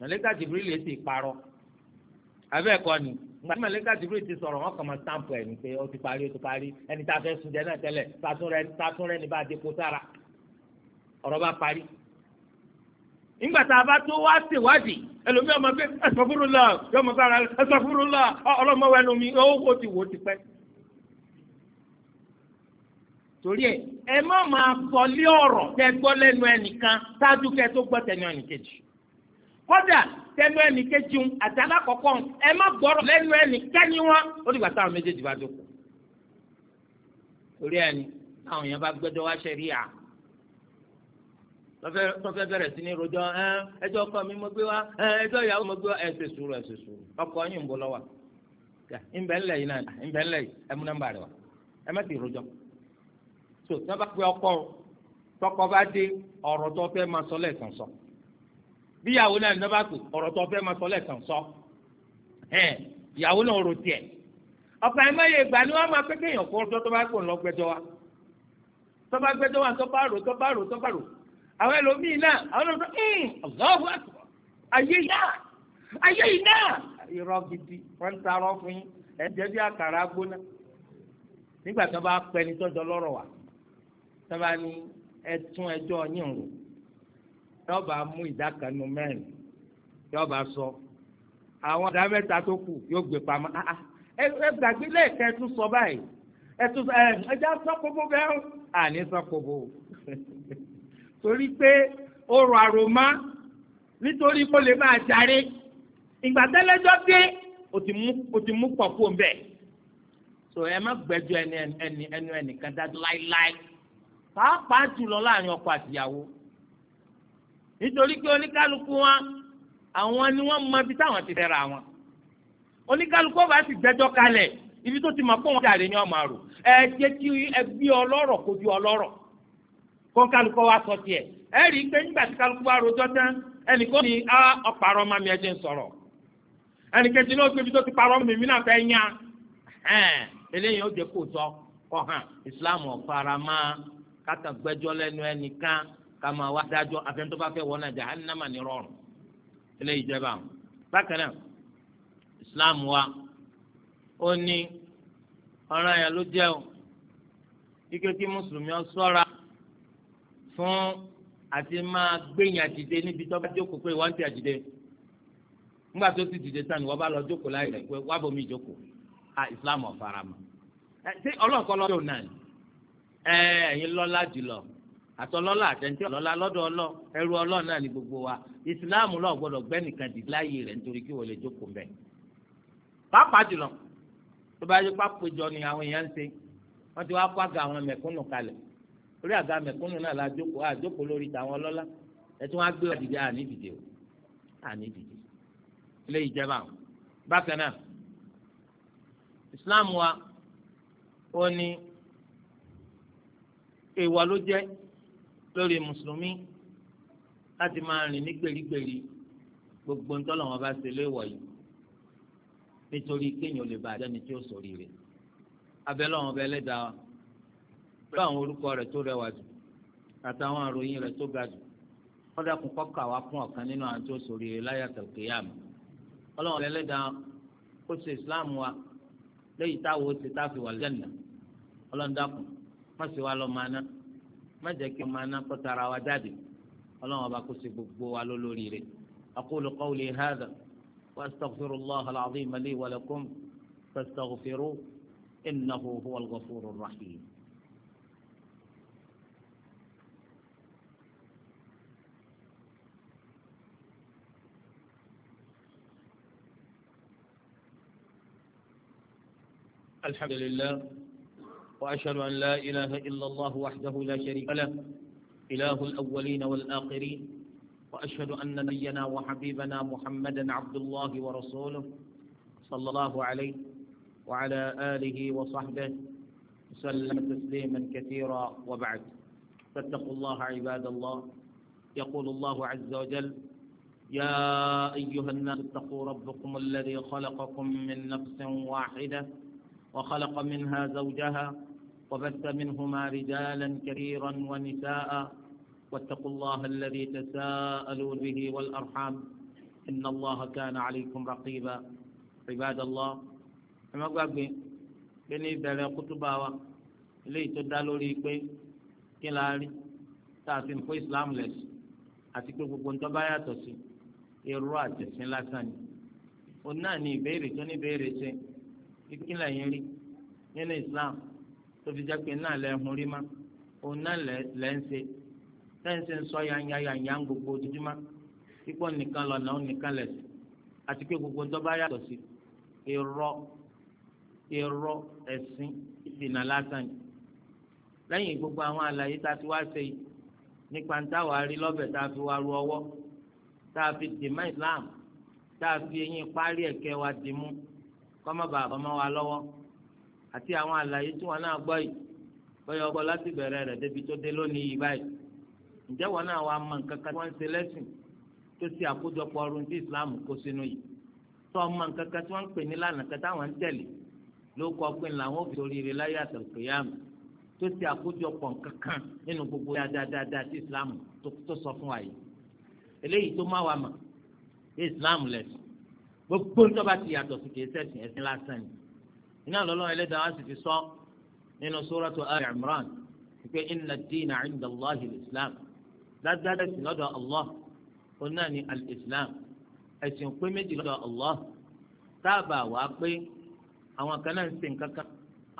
màlẹ́kà Jibril ti parọ́ abẹ́ ẹ̀kọ́ ni gba tí màlẹ́kà Jibril ti sọ̀rọ̀ wọn kàn máa stampu ẹ̀ ní pé ó ti parí ó ti parí ẹni tá a fẹ́ sùn jẹ́ náà tẹ́lẹ̀ tatún rẹ ní bá a dé kó sára ọ̀rọ̀ bá parí. nígbà tá a bá tó wá ṣèwádìí ẹlòmíì ọmọ pé ẹsọ fúru la yọmọ bá ara ẹsọ la ọlọmọ wẹnu mi owó ti wò ti pẹ́ torí ẹ ẹ má máa kọlé ọ̀rọ̀ tẹ gbọ́ lẹ́nu ẹnìkan ṣáájú kẹ tó gbọ́ tẹnu ẹnìkejì kódà tẹnu ẹnì kejì ń àtàlà kọ̀ọ̀kan ẹ má gbọ́rọ̀ lẹ́nu ẹnì kẹ́ni wọn ó dìgbà táwọn méjèèjì bá dókòó. torí ẹni táwọn èèyàn bá gbẹ́jọ́ wá ṣe rí à tọ́fẹ́ bẹ̀rẹ̀ sí ní rojọ́ ẹjọ́ ọkọ mi mo gbé wá ẹjọ́ ìyàwó mo gbé wá ẹsẹ̀ sùúrù ẹsẹ̀ sùúrù ọkọ yín ń bọ̀ lọ́wọ́ ìbẹ̀lẹ̀ yìí náà ìbẹ̀lẹ̀ yìí ẹ mú nọ́mbà rẹ̀ wá ẹ má ti rojọ́ tó tọ́ bá pé ọkọ tọkọ bá dé ọ̀rọ̀ tó fẹ́ máa sọ lẹ́ẹ̀kan sọ bíyàwó náà ní bá pè ọ̀rọ̀ tó fẹ́ máa sọ lẹ́ẹ̀kan sọ ìyàwó náà rò tiẹ̀ ọ̀pọ̀ ẹ̀ mọ́yé ìgbà ni wọ́n máa pé kéèyàn kó ọjọ́ tó bá pè lọ gbẹ́jọ́ wa tó bá gbẹ́jọ́ wa tó bá rò tó bá rò tó bá rò àwọn ẹlòmíì náà àwọn náà sọ ọ̀gáwó hmm, ayé yá ayé yìí náà irọ́ gidi wọ́n ń tarọ́ fún yín ẹ̀ ń jẹ́ bí àkàrà yóò bá mú ìdákanu mẹ́rin yóò bá sọ àwọn ọ̀dà mẹ́ta tó kù yóò gbé pamọ́ ah, ah. ẹ gbàgbé lẹ́ẹ̀kẹ́ tún sọ báyìí ẹ tún ẹ ẹ já sọ́kòbó bẹ́ẹ̀ àní sọ́kòbó torí pé ó rọ àròmá nítorí kó lè máa jàre ìgbà tẹ́lẹ́jọ́ dé o ti mú pọ̀ fún un bẹ́ẹ̀ so ẹ má gbẹ́jọ́ ẹni ẹni ẹnu ẹnìkan dájú láéláé pàápàá jùlọ láàrin ọkọ àtìyàwó nítorí pé oníkálukú wọn àwọn ni wọ́n mọ ibi táwọn ti fẹ́ra wọn oníkálukú ọba sì ti mọ̀ pé wọ́n jàre ní ọmọ àrò ẹ jẹ́ kí ẹbí ọlọrọ kojú ọlọ́rọ̀ kó kálukú wa sọ tiẹ̀ ẹ rí i pé nígbà tí kálukú wa rojọ́ tán ẹnìkan ní mi ẹ ń ti mi mi náà eléyìí ó Islam máa kátàgbẹ́jọ́ lẹ́nu kama wá dájọ́ àfẹn tó bá fẹ́ wọ́n náà jahannama ní rọrùn eléyìí jẹba àwọn. bákan náà islam wa ó ní ọ̀ràn yẹn ló jẹ́ o kíkẹ́ kí mùsùlùmí ọ sọ́ra fún àti máa gbẹ̀yìn àdìde níbi tó bá jókòó pé wọ́n ti àdìde nígbà tó ti dìde sani wọ́n bá lọ jókòó láì rẹ̀ pé wá bomi jókòó a islam ọ̀farama ṣé ọlọ́ọ̀kọ́ lọ́dọ̀ náà ẹ̀ẹ́dẹ̀yìn lọ́la jùlọ àtọlọ́lá àtẹ̀ntẹ́ ọlọ́lá lọ́dọ̀ ọlọ́ ẹrú ọlọ́ọ̀ náà ni gbogbo wa ìsìláàmù lọ́ọ̀ gbọ́dọ̀ gbẹ́nìkan dìde láàyè rẹ̀ nítorí kí wọ́n lè jókòó mbẹ́. pàápàá jùlọ tó bá yẹ pápéjọ ni àwọn èèyàn ń ṣe wọ́n ti wá kó àga àwọn mẹ̀kúnnù kalẹ̀ orí àga mẹ̀kúnnù náà la jókòó àjókòó lórí tàwọn ọlọ́lá ẹ̀ tí wọ́n á gbé ọ̀dìdì àní dìde o àní dìde ilé ìjẹba bákan náà ìsìláàmù wa ó ní èèwọ̀ ló jẹ́ lórí mùsùlùmí láti máa rìn ní gbèrígbèrí gbogbo ń tọ́lọ̀ wọn bá ṣe léwọ̀ yìí nítorí kéèyàn lè bàjẹ́ ni tí ó sòrí rẹ̀ abẹ́lẹ́ àwọn ọba ẹlẹ́dàá pẹ̀lú àwọn orúkọ rẹ̀ tó rẹwà jù àtàwọn àròyìn rẹ̀ tó ga jù wọ́n dákun kọ́kà wá fún ọ̀kan nínú àwọn tí ó sòrí rẹ̀ láyàtọ̀ kéyàmù ọlọ́run ọba ẹlẹ́dàá ó ṣe Islam wa lẹ́yìn táwọn ó ti táfi wà lẹ́nà ọlọ́run dákun wọ́n sì wá lọ́ọ́ máa ná má jẹ́ kí n máa ná kó tara wa jáde ọlọ́run ọba kó ṣe gbogbo wa lólórí rẹ̀ aqulu qawli hadha wa astaghfirullaha al-azim li wa lakum fastaghfiruhu innahu huwal ghafurur rahim. الحمد لله وأشهد أن لا إله إلا الله وحده لا شريك له إله الأولين والآخرين وأشهد أن نبينا وحبيبنا محمدا عبد الله ورسوله صلى الله عليه وعلى آله وصحبه وسلم تسليما كثيرا وبعد فاتقوا الله عباد الله يقول الله عز وجل يا أيها الناس اتقوا ربكم الذي خلقكم من نفس واحدة وخلق منها زوجها وبث منهما رجالا كثيرا ونساء واتقوا الله الذي تساءلون به والأرحام إن الله كان عليكم رقيبا عباد الله أما قبل بني إبدال قطبا ilé ìtọ́dáló rí i pé kí la rí tá a fi ń kó islam lẹ́sìn àti pé gbogbo nǹkan bá yàtọ̀ sí irú àtẹ̀sìn lásán ni. òun náà ni ìbéèrè tó ní ìbéèrè ṣe kí lẹ́yìn rí nínú islam tó fi jẹ́ pé náà lẹ́ hun rí má òun náà lẹ́ ń ṣe lẹ́yìn ń sọ yanya yanya ń gbogbo ojoojúmọ́ pípọ̀ nìkan lọ́nà òun nìkan lẹ̀ sí àti pé gbogbo tó yàtọ̀ sí irọ́ irọ́ ẹ̀sìn ìdènà lásán ni lẹ́yìn gbogbo àwọn àlàyé tá a ti wá ṣe yìí nípa ń táwa rí lọ́bẹ̀ tá a fi wá ru ọwọ́ tá a fi dìmọ́ Islam tá a fi eyín parí ẹ̀kẹ́ wa dìmú kọ́mọ́bà àbámọ́ wa lọ́wọ́ àti àwọn àlàyé tí wọn náà gbọ́ yìí bóyá ọkọ láti bẹ̀rẹ̀ rẹ̀ débi tó dé lónìí yìí báyìí ǹjẹ́ wọn náà wàá mọ nǹkan kan tí wọ́n ń ṣe lẹ́sìn tó ṣe àkójọpọ̀ ọrùn tí Islam kó sínú yìí tó ọmọ nǹkan kan tí wọ́n ń pè ní lànà kan táwọn ń tẹ̀lé ló kọ pé làwọn òfin oríire láyé àtàlùkìyàmù tó ṣe àkójọpọ̀ nǹkan kan nínú gbogbo dáadáa tí Islam tó sọ fún wa yìí eléyìí tó má wa mọ̀ Islam lẹ̀sìn gbogbo ń tọ́ iná lọ́lọ́run ẹlẹ́dàá á sì fi sọ nínú suratu ali imran wípé inna ad-dina 'inda allahi al-islam dáadáa sí lọ́dọ̀ allah òun náà ni al-islam ẹ̀sìn pé méjì lọ́dọ̀ allah táàbà wàá pé àwọn kan náà ń sìn kankan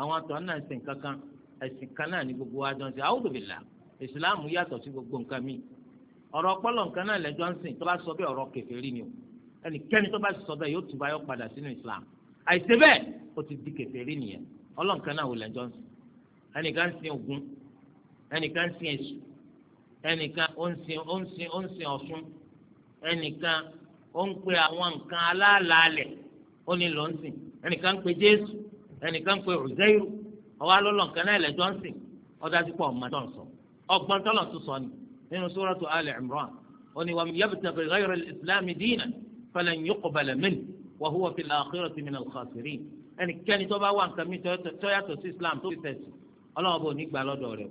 àwọn àtọ̀ náà ń sìn kankan ẹ̀sìn kan náà ni gbogbo wa jọ́nsìn a'udhu billah islam yàtọ̀ sí gbogbo nǹkan mi ọ̀rọ̀ ọpọlọ nǹkan náà lẹ́jọ́ ń sìn tó bá sọ bẹ́ẹ̀ ọ̀rọ̀ kèfèrí ni o ẹnikẹ́ni tó bá sọ bẹ́ẹ̀ yóò tún bá padà sínú islam àìṣe bẹ́ẹ̀ ó ti di kèfèrí nìyẹn ọlọ́run kan náà wò lẹ́jọ́ ń sìn ẹnìkan ń sin Ògún ẹnìkan ń sin Èṣù ẹnìkan ó ń sin ó ń sin ó ń sin Ọ̀ṣun ẹnìkan ó ń pe àwọn nǹkan aláàlálẹ̀ ó ní ló ń sìn ẹnìkan ń pe Jésù ẹnìkan ń pe Uzairu ọwọ́ alọ́lọ́run kan náà lẹ́jọ́ ń sìn ọdájú pọ̀ ọ̀ma tó ń sọ ọgbọ́n tọ́lọ̀ tó sọ ni nínú suratu Ali Imran ó ní wa man yabtaghi ghayra al-islami dinan falan yuqbala minhu wa huwa fil akhirati minal khasirin ẹnikẹ́ni tó bá wà nǹkan mi tó sí islam tó fi sẹ̀sì ọlọ́wọ́n bò ní gbà lọ́dọ̀ rẹ̀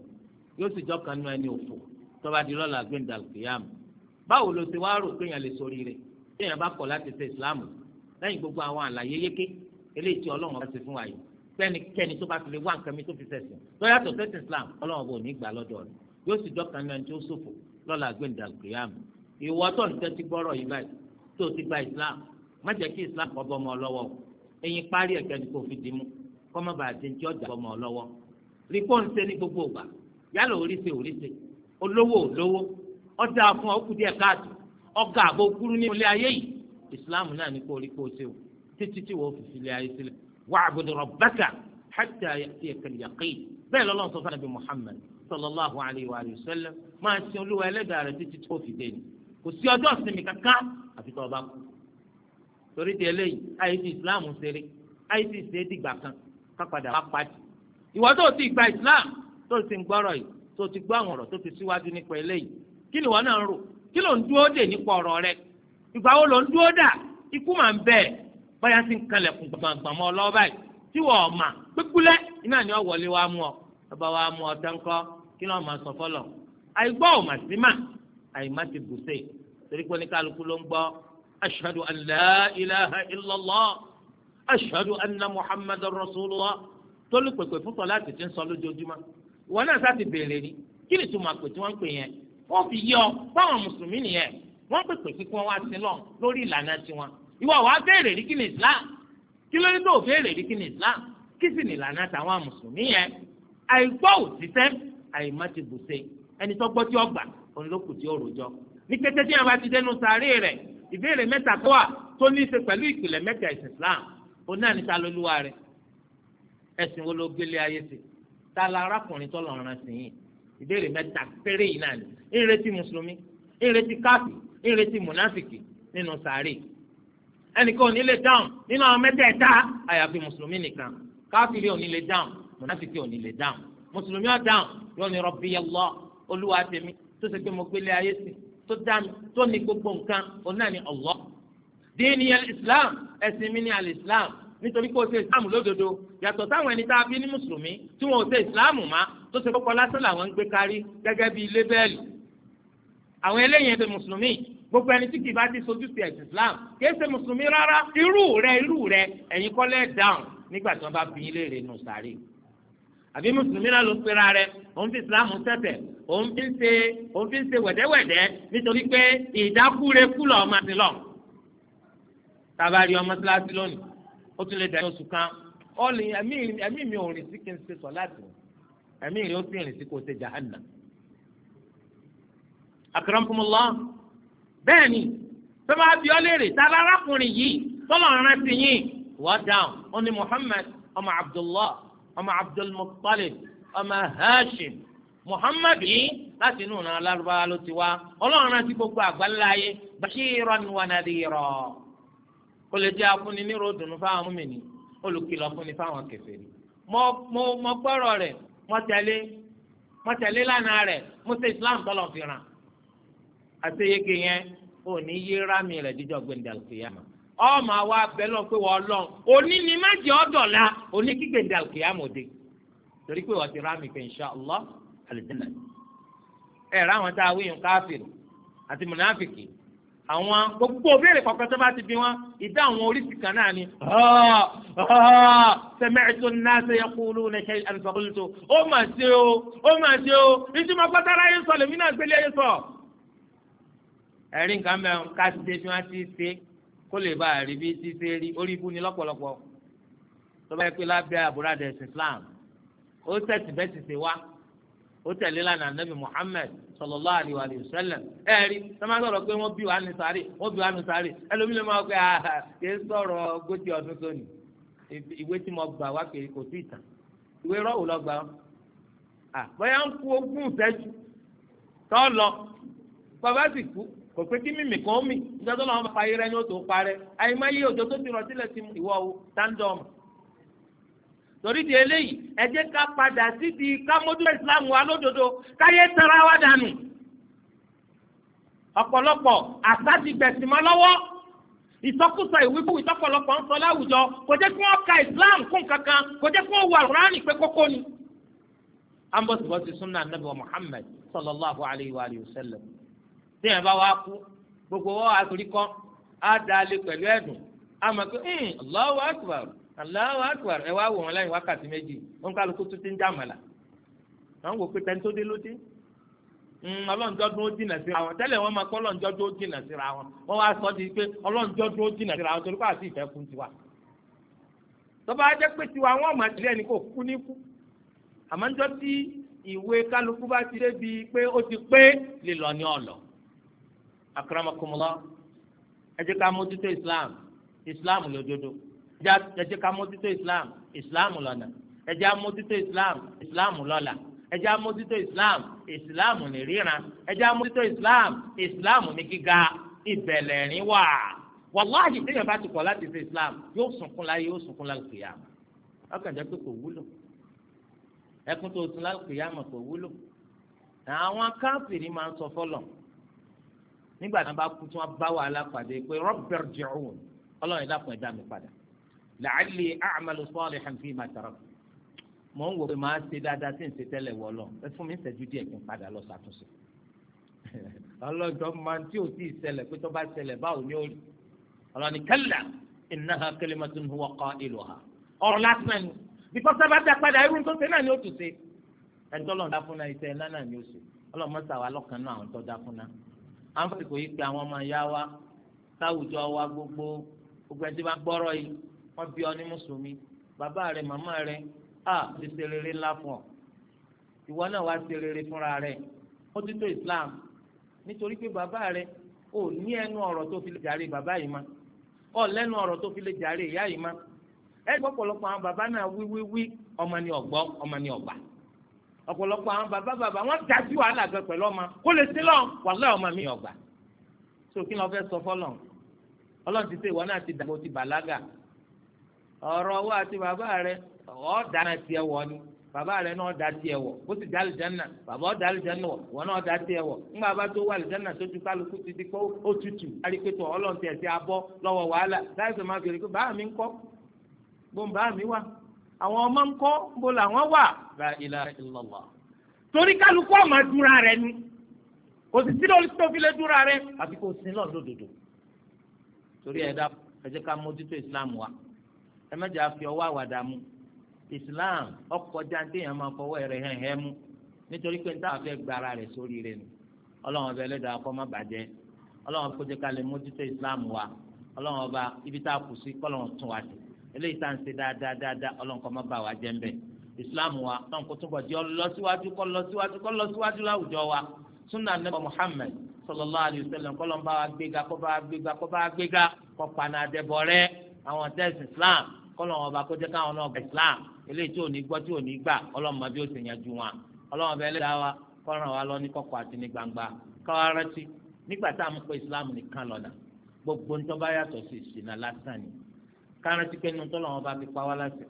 yóò sì jọ́kan nu ẹni òfò tó bá di lọ́la gbẹ̀ndà kìyàm báwo ló ti wá rò pé èèyàn lè sórí rẹ̀ tí èèyàn bá kọ̀ láti ṣe islam lẹ́yìn gbogbo àwọn àlàyé yéké eléyìí tí ọlọ́wọ́n bá ti fún wa yìí pẹ́nikẹ́ni tó bá fi lè wá nǹkan mi tó fi sẹ̀sì tó sí islam ọlọ́wọ́n bò ní gbà lọ́dọ̀ rẹ̀ yóò sì jọ́kan nu ẹni tó ṣòfò lọ́la gbẹ̀ndà kìyàm ìwọ tó islam má jẹ́ kí islam eyín parí ẹ̀kẹ́ ni kò fi dì mú kọ́mọ́ bàá di ti ọjà ọmọ lọ́wọ́ rí pọ́n ṣe ní gbogbo ìgbà yálà oríṣi oríṣi olówó olówó ọjà fún ọkùnrin díẹ̀ káàtó ọgá àbò kúrú ní ilé ayé yìí ìsìláàmù náà ní kó rí kó ṣe o títí tí wọ́n fi fi ilé ayé sílẹ̀ wa'budu rabbaka hatta ya'tiyaka al-yaqin bẹ́ẹ̀ lọ́lọ́run fún Ànábì Muhammad torí di eléyìí àyèsí islam ṣeré àyèsí se é dìgbà kan kápadà wá pàdé ìwọ tó ti gba islam tó ti ń gbọ́rọ̀ yìí tó ti gbọ́ àwọn ọ̀rọ̀ tó ti síwájú nípa eléyìí kí ni ìwọ náà ń rò kí ló ń dúró dè nípa ọ̀rọ̀ rẹ ìgbà wo ló ń dúró dà ikú màá ń bẹ̀ báyà sí ń kalẹ̀kùn gbàngbàn mọ́ ọlọ́wọ́ báyìí tí wọ́n mà gbégbúlẹ̀ iná ni ọ wọlé wa mú ọ ọba wa mú ọ táǹkọ́ kí ló máa sọ fọlọ àìgbọ́ ò mà sí ti bùsè torí pé oníkálukú ló ń gbọ́ أشهد أن لا إله إلا الله أشهد أن محمد رسول الله tolu pèpè fún sọlá ti ti ń sọ lójoojúmọ́ ìwọ náà sá ti béèrè ni kí ni tuma pè tí wọn pè yẹn wọn fi yé ọ fáwọn mùsùlùmí nìyẹn wọn pèpè sí kí wọn wá sí lọ lórí ìlànà tiwọn ìwọ wàá béèrè rí kí ni islam kí ló tó béèrè rí kí ni islam kí sì ni ìlànà tàwọn mùsùlùmí yẹn àìgbọ́ òtítẹ́ àìmọ́ ti bùṣe ẹni tó gbọ́ tí ó gbà òun ló kù tí ó rojọ́ ní kété tí wọn bá ti dénú sàárè rẹ̀ ìbéèrè mẹ́ta kọ́ wa tó ní í ṣe pẹ̀lú ìpìlẹ̀ mẹ́ta ẹ̀sìn Islam ó náà níta lóluwà rẹ̀ ẹ̀sìn wo ló gbélé ayé sí ta la arákùnrin tọ́lọ̀ ọ̀ràn sí yìí ìbéèrè mẹ́ta péré yìí náà ni ìrètí mùsùlùmí ìrètí káàfì ìrètí mùnáfìkì nínú sàárè ẹnìkan ò ní lè dáhùn nínú àwọn mẹ́tẹ̀ẹ̀ta àyàfi mùsùlùmí nìkan káàfìrí ò ní lè dáhùn mùnáfìkì ò ní lè dáhùn mùsùlùmí ò dáhùn yóò ní Rabbi Allah olúwa tèmi tó ṣe pé mo gbélé ayé sí tó dá mi tó ní gbogbo nǹkan òun náà ni Allah dín ní islam ẹ̀sìn mi ní alìsílám nítorí pé o ṣe islam lódodo yàtọ̀ sáwọn ẹni tá a bí ní mùsùlùmí tí wọn ò ṣe islam mọ́ tó ṣe kọ́kọ́ lásán làwọn ń gbé kárí gẹ́gẹ́ bíi lébẹ́ẹ̀lì àwọn eléyìí ṣe mùsùlùmí gbogbo ẹni tí kì í bá ti sojú sí ẹ̀sìn islam kìí ṣe mùsùlùmí rárá irú rẹ irú rẹ ẹ̀yin kọ́lẹ́ dáhùn nígbà tí wọ́n bá bí ilé rẹ̀ nù sáré àbí mùsùlùmí náà ló ń pera rẹ̀ òun fi islam sẹ̀tẹ̀ òun fi ń ṣe òun fi ń ṣe wẹ̀dẹ́wẹ̀dẹ́ nítorí pé ìdákúre kú lọ ọmọ ti lọ. tabari ọmọ síláàsì lónìí ó tún lè dẹ̀ oṣù kan ó lè ẹ̀mí mi ò rìn sí kí n ṣe sọ láti ẹ̀mí rẹ̀ ó sì rìn sí kó ṣe jahanna. akramkumullah bẹ́ẹ̀ ni tó bá bí ọ léèrè tá a lárakùnrin yìí tọ́lọ̀ rántí yìí wọ́n dáhùn ó ní Muhammad ọmọ Abdullah ọmọ abdulmuttalib ọmọ hashim muhammad yìí láti inú ọ̀nà alárúbáwá ló ti wá ọlọ́run ti gbogbo àgbáńláyé bashiran wa nadira kó lè jẹ́ afúnni ní ròdùnú fáwọn múmìnì olùkìlọ̀ fúnni fáwọn kèfèrí mo mo gbọ́rọ̀ rẹ̀ mo tẹ̀lé mo tẹ̀lé rẹ̀ mo ṣe islam tọ́lọ̀ fi ràn yẹn ò ní ọmọ àwa abẹ́lọ́ pé wọ́n lọ òní ni má jẹ́ ọ̀dọ̀la òní kígbèǹde àlùkè àmọ̀dé torí pé wọ́n ti rámì pé insha Allah àlùjẹ́nà ẹ̀ ráwọn tá a wíyùn káfíìn àti mùnàfìkì àwọn gbogbo òbéèrè kọ̀ọ̀kan tó bá ti bí wọn ìdá àwọn oríṣi kan náà ni. sami'tu an-nasa yaquluna shay'an fa qultu ó mà ṣe o ó mà ṣe o ìtumọ̀ pátálá yẹn sọ lèmi náà gbélé yẹn sọ. ẹ̀rí nǹkan mẹ́rin ká ti ṣe bí wọ́n ti ṣe kó lè bá a rí bí títí rí orí ibú ni lọ́pọ̀lọpọ̀ tó bá yẹ pé lábẹ́ àbúradà ẹ̀sìn Islam ó tẹ̀sí bẹ́ẹ̀ ti ṣe wá ó tẹ̀lé lánàá nàbì Muhammad sallallahu wa alihi wasallam ẹ̀rí sọ́mà sọ̀rọ̀ pé wọ́n bí wàá nu sáré wọ́n bí wàá nu sáré ẹlòmí lè máa pẹ́ kí ẹ sọ̀rọ̀ ọdún ìwé tí mo gbà wá kò pé kí mímì kan mì nígbà tó lọ́wọ́ parí rẹ ni ó tó parẹ́ àyìnmáyé òjò tó ti rọ̀ sílẹ̀ sí ìwọ o tándọ̀mù. torí di eléyìí ẹ jẹ́ ká padà síbi ká mójú islam wa lódodo káyé tara wa dànù. ọ̀pọ̀lọpọ̀ àṣà ti gbẹ̀sìn mọ́ lọ́wọ́ ìsọkúsọ ìwíkú ìtọ́pọ̀lọpọ̀ ń sọ láwùjọ kò jẹ́ kí wọ́n ka islam kún kankan kò jẹ́ kí wọ́n wà ránì pé kókó ni. ambosibosi sunna anabi wa muhammad sallallahu alayhi wa sallam téèyàn bá wá kú gbogbo wọn àtòrí kọ́ á da lé pẹ̀lú ẹ̀dùn á mọ̀ pé hmm, Allahu Akbar Allahu Akbar ẹ wá wò wọn lẹ́yìn wákàtí méjì wọn kálukú tó ti ń jàmàlà wọn wò pé tẹ́ni tó dé ló dé hmm, ọlọ́njọ́dún ó jìnà síra wọn tẹ́lẹ̀ wọn máa kọ́ ọlọ́njọ́dún ó jìnà síra wọn wọn wá sọ di pé ọlọ́njọ́dún ó jìnà síra wọn torí àti ìfẹ́ kún tiwa tọ́ba ajẹ́ pé tiwa wọn máa tilẹ̀ ní kò kú ní kú àmọ́ njọ́ tí ìwé kálukú bá ti dé bíi pé ó ti pé lílọ ní ọ̀lọ́ akramakumullah ẹ jẹ́ ká mójútó islam islam lódodo ẹ jẹ́ ká mójútó islam islam lọ́nà ẹ jẹ́ amójútó islam islam lọ́la ẹ jẹ́ amójútó islam islam ní ríran ẹ jẹ́ amójútó islam islam ní gíga ìbẹ̀lẹ̀ rìn wà wàláhì téèyàn bá ti kọ̀ láti ṣe islam yóò sunkún láyé yóò sunkún lálùkìyàmà ọkàn jẹ́ pé kò wúlò ẹkún tó sun lálùkìyàmà kò wúlò àwọn káfíìrì máa ń sọ fọlọ́n nígbà tí wọ́n bá kú tí wọ́n bá wàhálà pàdé pé rọ́bìrì jẹun ọlọ́run ẹ̀dá kan ẹ̀dá mi padà làálì àmàlù sọ́ọ̀lìhàn fi máa tẹ̀rọ. mọ̀ ń wò pé màá ṣe dáadáa sí ìṣe tẹ́lẹ̀ wọ lọ ẹ fún mi ìṣẹ́jú díẹ̀ kí n padà lọ ṣàtúnṣe. ọlọ́jọ́ máa tí ò tí ì ṣẹlẹ̀ pé tó bá ṣẹlẹ̀ báwo ni ó rí ọlọ́ni kalla innaha kalimatun huwa qailuha ọ̀rọ̀ lásán ni bíkọ́ sábà dá padà irú tó ṣe náà ni ó tù ṣe ẹ̀ńtọ́ lọ́n dá fúnna iṣẹ́ náà ni ó ṣe ọlọ́mọ sàwà lọ́kàn àwọn tó dá fúnna àǹfààní kò yí pé àwọn ọmọ ìyá wa táwùjọ wa gbogbo gbogbo ẹni tí bá gbọ́rọ̀ yìí wọ́n bí ọ ní mùsùlùmí bàbá rẹ màmá rẹ a ti ṣe rere ńlá fún ọ ìwọ náà wá ṣe rere fúnra rẹ ó ti tó Islam nítorí pé bàbá rẹ ò ní ẹnu ọ̀rọ̀ tó fi lè jàre bàbá yìí ma ò lẹ́nu ọ̀rọ̀ tó fi lè jàre ìyá yìí ma ẹ gbọ́ pọ̀lọpọ̀ àwọn bàbá náà wíwíwí ọmọ ni ọ̀gbọ́ ọmọ ni ọ̀gbà ọ̀pọ̀lọpọ̀ àwọn bàbá bàbá wọn dá sí wàhálà gan pẹ̀lú ọmọ kó lè sí lọ́n wàhálà ọmọ mi ọ̀gbà tó kí ni wọ́n fẹ́ sọ fọ́lọ́n ọlọ́run ti sè ìwọ náà ti dàgbò ti bàlágà ọ̀rọ̀ ọwọ́ àti bàbá rẹ ọ̀ dáná tiẹ̀ wọ̀ ni bàbá rẹ náà dá tiẹ̀ wọ̀ ó sì dá àlìjáná bàbá ọ̀ dá àlìjáná wọ̀ wọ́n náà tiẹ̀ wọ̀ tó wà tó kálukú ti di kó ó tutù arípétọ̀ ọlọ́run tiẹ̀ ti abọ́ lọ́wọ́ wàhálà láìsọ̀ máa fèrè pé báà mi ń kọ́ mi wà àwọn ọmọ ń kọ́ bó làwọn wà la ilaha illallah torí kálukú ọmọ dúra rẹ ni kò sì sílẹ̀ olùsọ fi lè dúra rẹ àfi kò sí lọ lódodo torí ẹ̀dá ẹ jẹ́ ká mójútó ìsìláàmù wa ẹ má jẹ́ àfi ọwọ́ àwàdà mu ìsìláàm ọkọ̀ jáńtéèyàn máa fọwọ́ rẹ̀ hẹ́n hẹ́n mú nítorí pé níta fẹ́ gba ara rẹ̀ sórí rẹ̀ nù ọlọ́run ọba ẹlẹ́dàá kọ́ má bàjẹ́ ọlọ́run kó jẹ́ ká lè mójútó ìsìláàmù wa ọlọ́run ọba ibi tá a kù sí kọ́lọ́run tún wa dé eléyìí tá à ń ṣe dáadáa dáadáa ọlọ́nkọ́ má bà wá jẹ́ ńbẹ̀ islam wa náà kó túbọ̀ di ọlọ́síwájú kọ́ lọ́síwájú kọ́ lọ́síwájú láwùjọ wa sunna nebà muhammed sallallahu alayhi wa sallam kọ́lọ́n bá wa gbéga kọ́ bá wa gbéga kọ́ bá wa gbéga kọ́ paná adẹ́bọ̀ rẹ àwọn tẹ́sí islam kọ́lọ́n ọba kó jẹ́ káwọn náà gba islam eléyìí tí ò ní gbọ́ tí ò ní gbà ọlọ́mọ bí ó ti yanjú wọn ọlọ́mọ bẹ́ẹ̀ lé dáwà kọ́ran wa lọ ní islam nìkan lọ́nà gbogbo ń tọ́ bá kárántí pé nínú tọ́lọ̀ wọn bá fi pa wá láti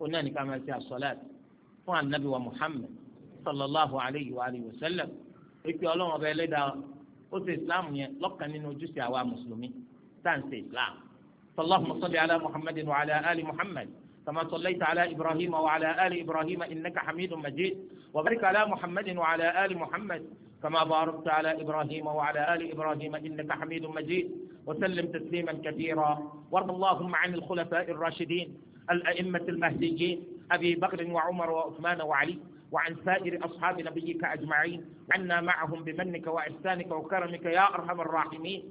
ó náà ní ká máa ṣe àsọ̀láàtì fún anabi wa muhammed sallallahu alayhi wa alihi wa sallam ìpè ọlọ́wọ́n ọba ẹlẹ́dàá ó ṣe islam yẹn lọ́kàn nínú ojúṣe àwa mùsùlùmí tá à ń ṣe islam sallallahu salli ala muhammadin wa ala ali muhammad kama sallaita ala ibrahim wa ala ali ibrahim innaka hamidun majid على barik ala muhammadin wa ala ali muhammad kama barakta ala ibrahim wa ala ali وسلم تسليما كثيرا وارض اللهم عن الخلفاء الراشدين الأئمة المهديين أبي بكر وعمر وعثمان وعلي وعن سائر أصحاب نبيك أجمعين عنا معهم بمنك وإحسانك وكرمك يا أرحم الراحمين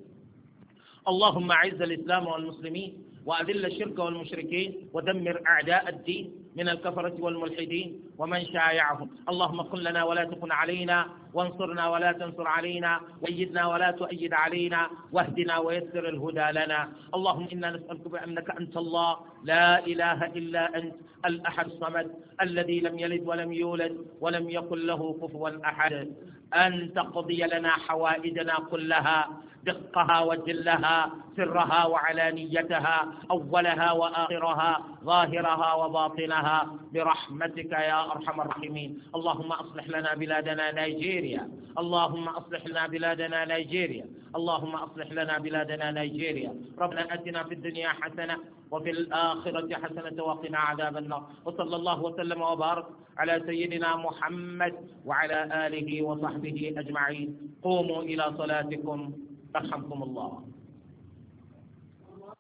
اللهم أعز الإسلام والمسلمين وأذل الشرك والمشركين ودمر أعداء الدين من الكفرة والملحدين ومن شايعهم اللهم كن لنا ولا تكن علينا وانصرنا ولا تنصر علينا وأيدنا ولا تؤيد علينا واهدنا ويسر الهدى لنا اللهم إنا نسألك بأنك أنت الله لا إله إلا أنت الأحد الصمد الذي لم يلد ولم يولد ولم يكن له كفوا أحد أن تقضي لنا حوائجنا كلها دقها وجلها سرها وعلانيتها أولها وآخرها ظاهرها وباطنها برحمتك يا أرحم الراحمين اللهم أصلح لنا بلادنا نيجيريا اللهم أصلح لنا بلادنا نيجيريا اللهم أصلح لنا بلادنا نيجيريا ربنا أتنا في الدنيا حسنة وفي الآخرة حسنة وقنا عذاب النار وصلى الله وسلم وبارك على سيدنا محمد وعلى آله وصحبه أجمعين قوموا إلى صلاتكم رحمكم الله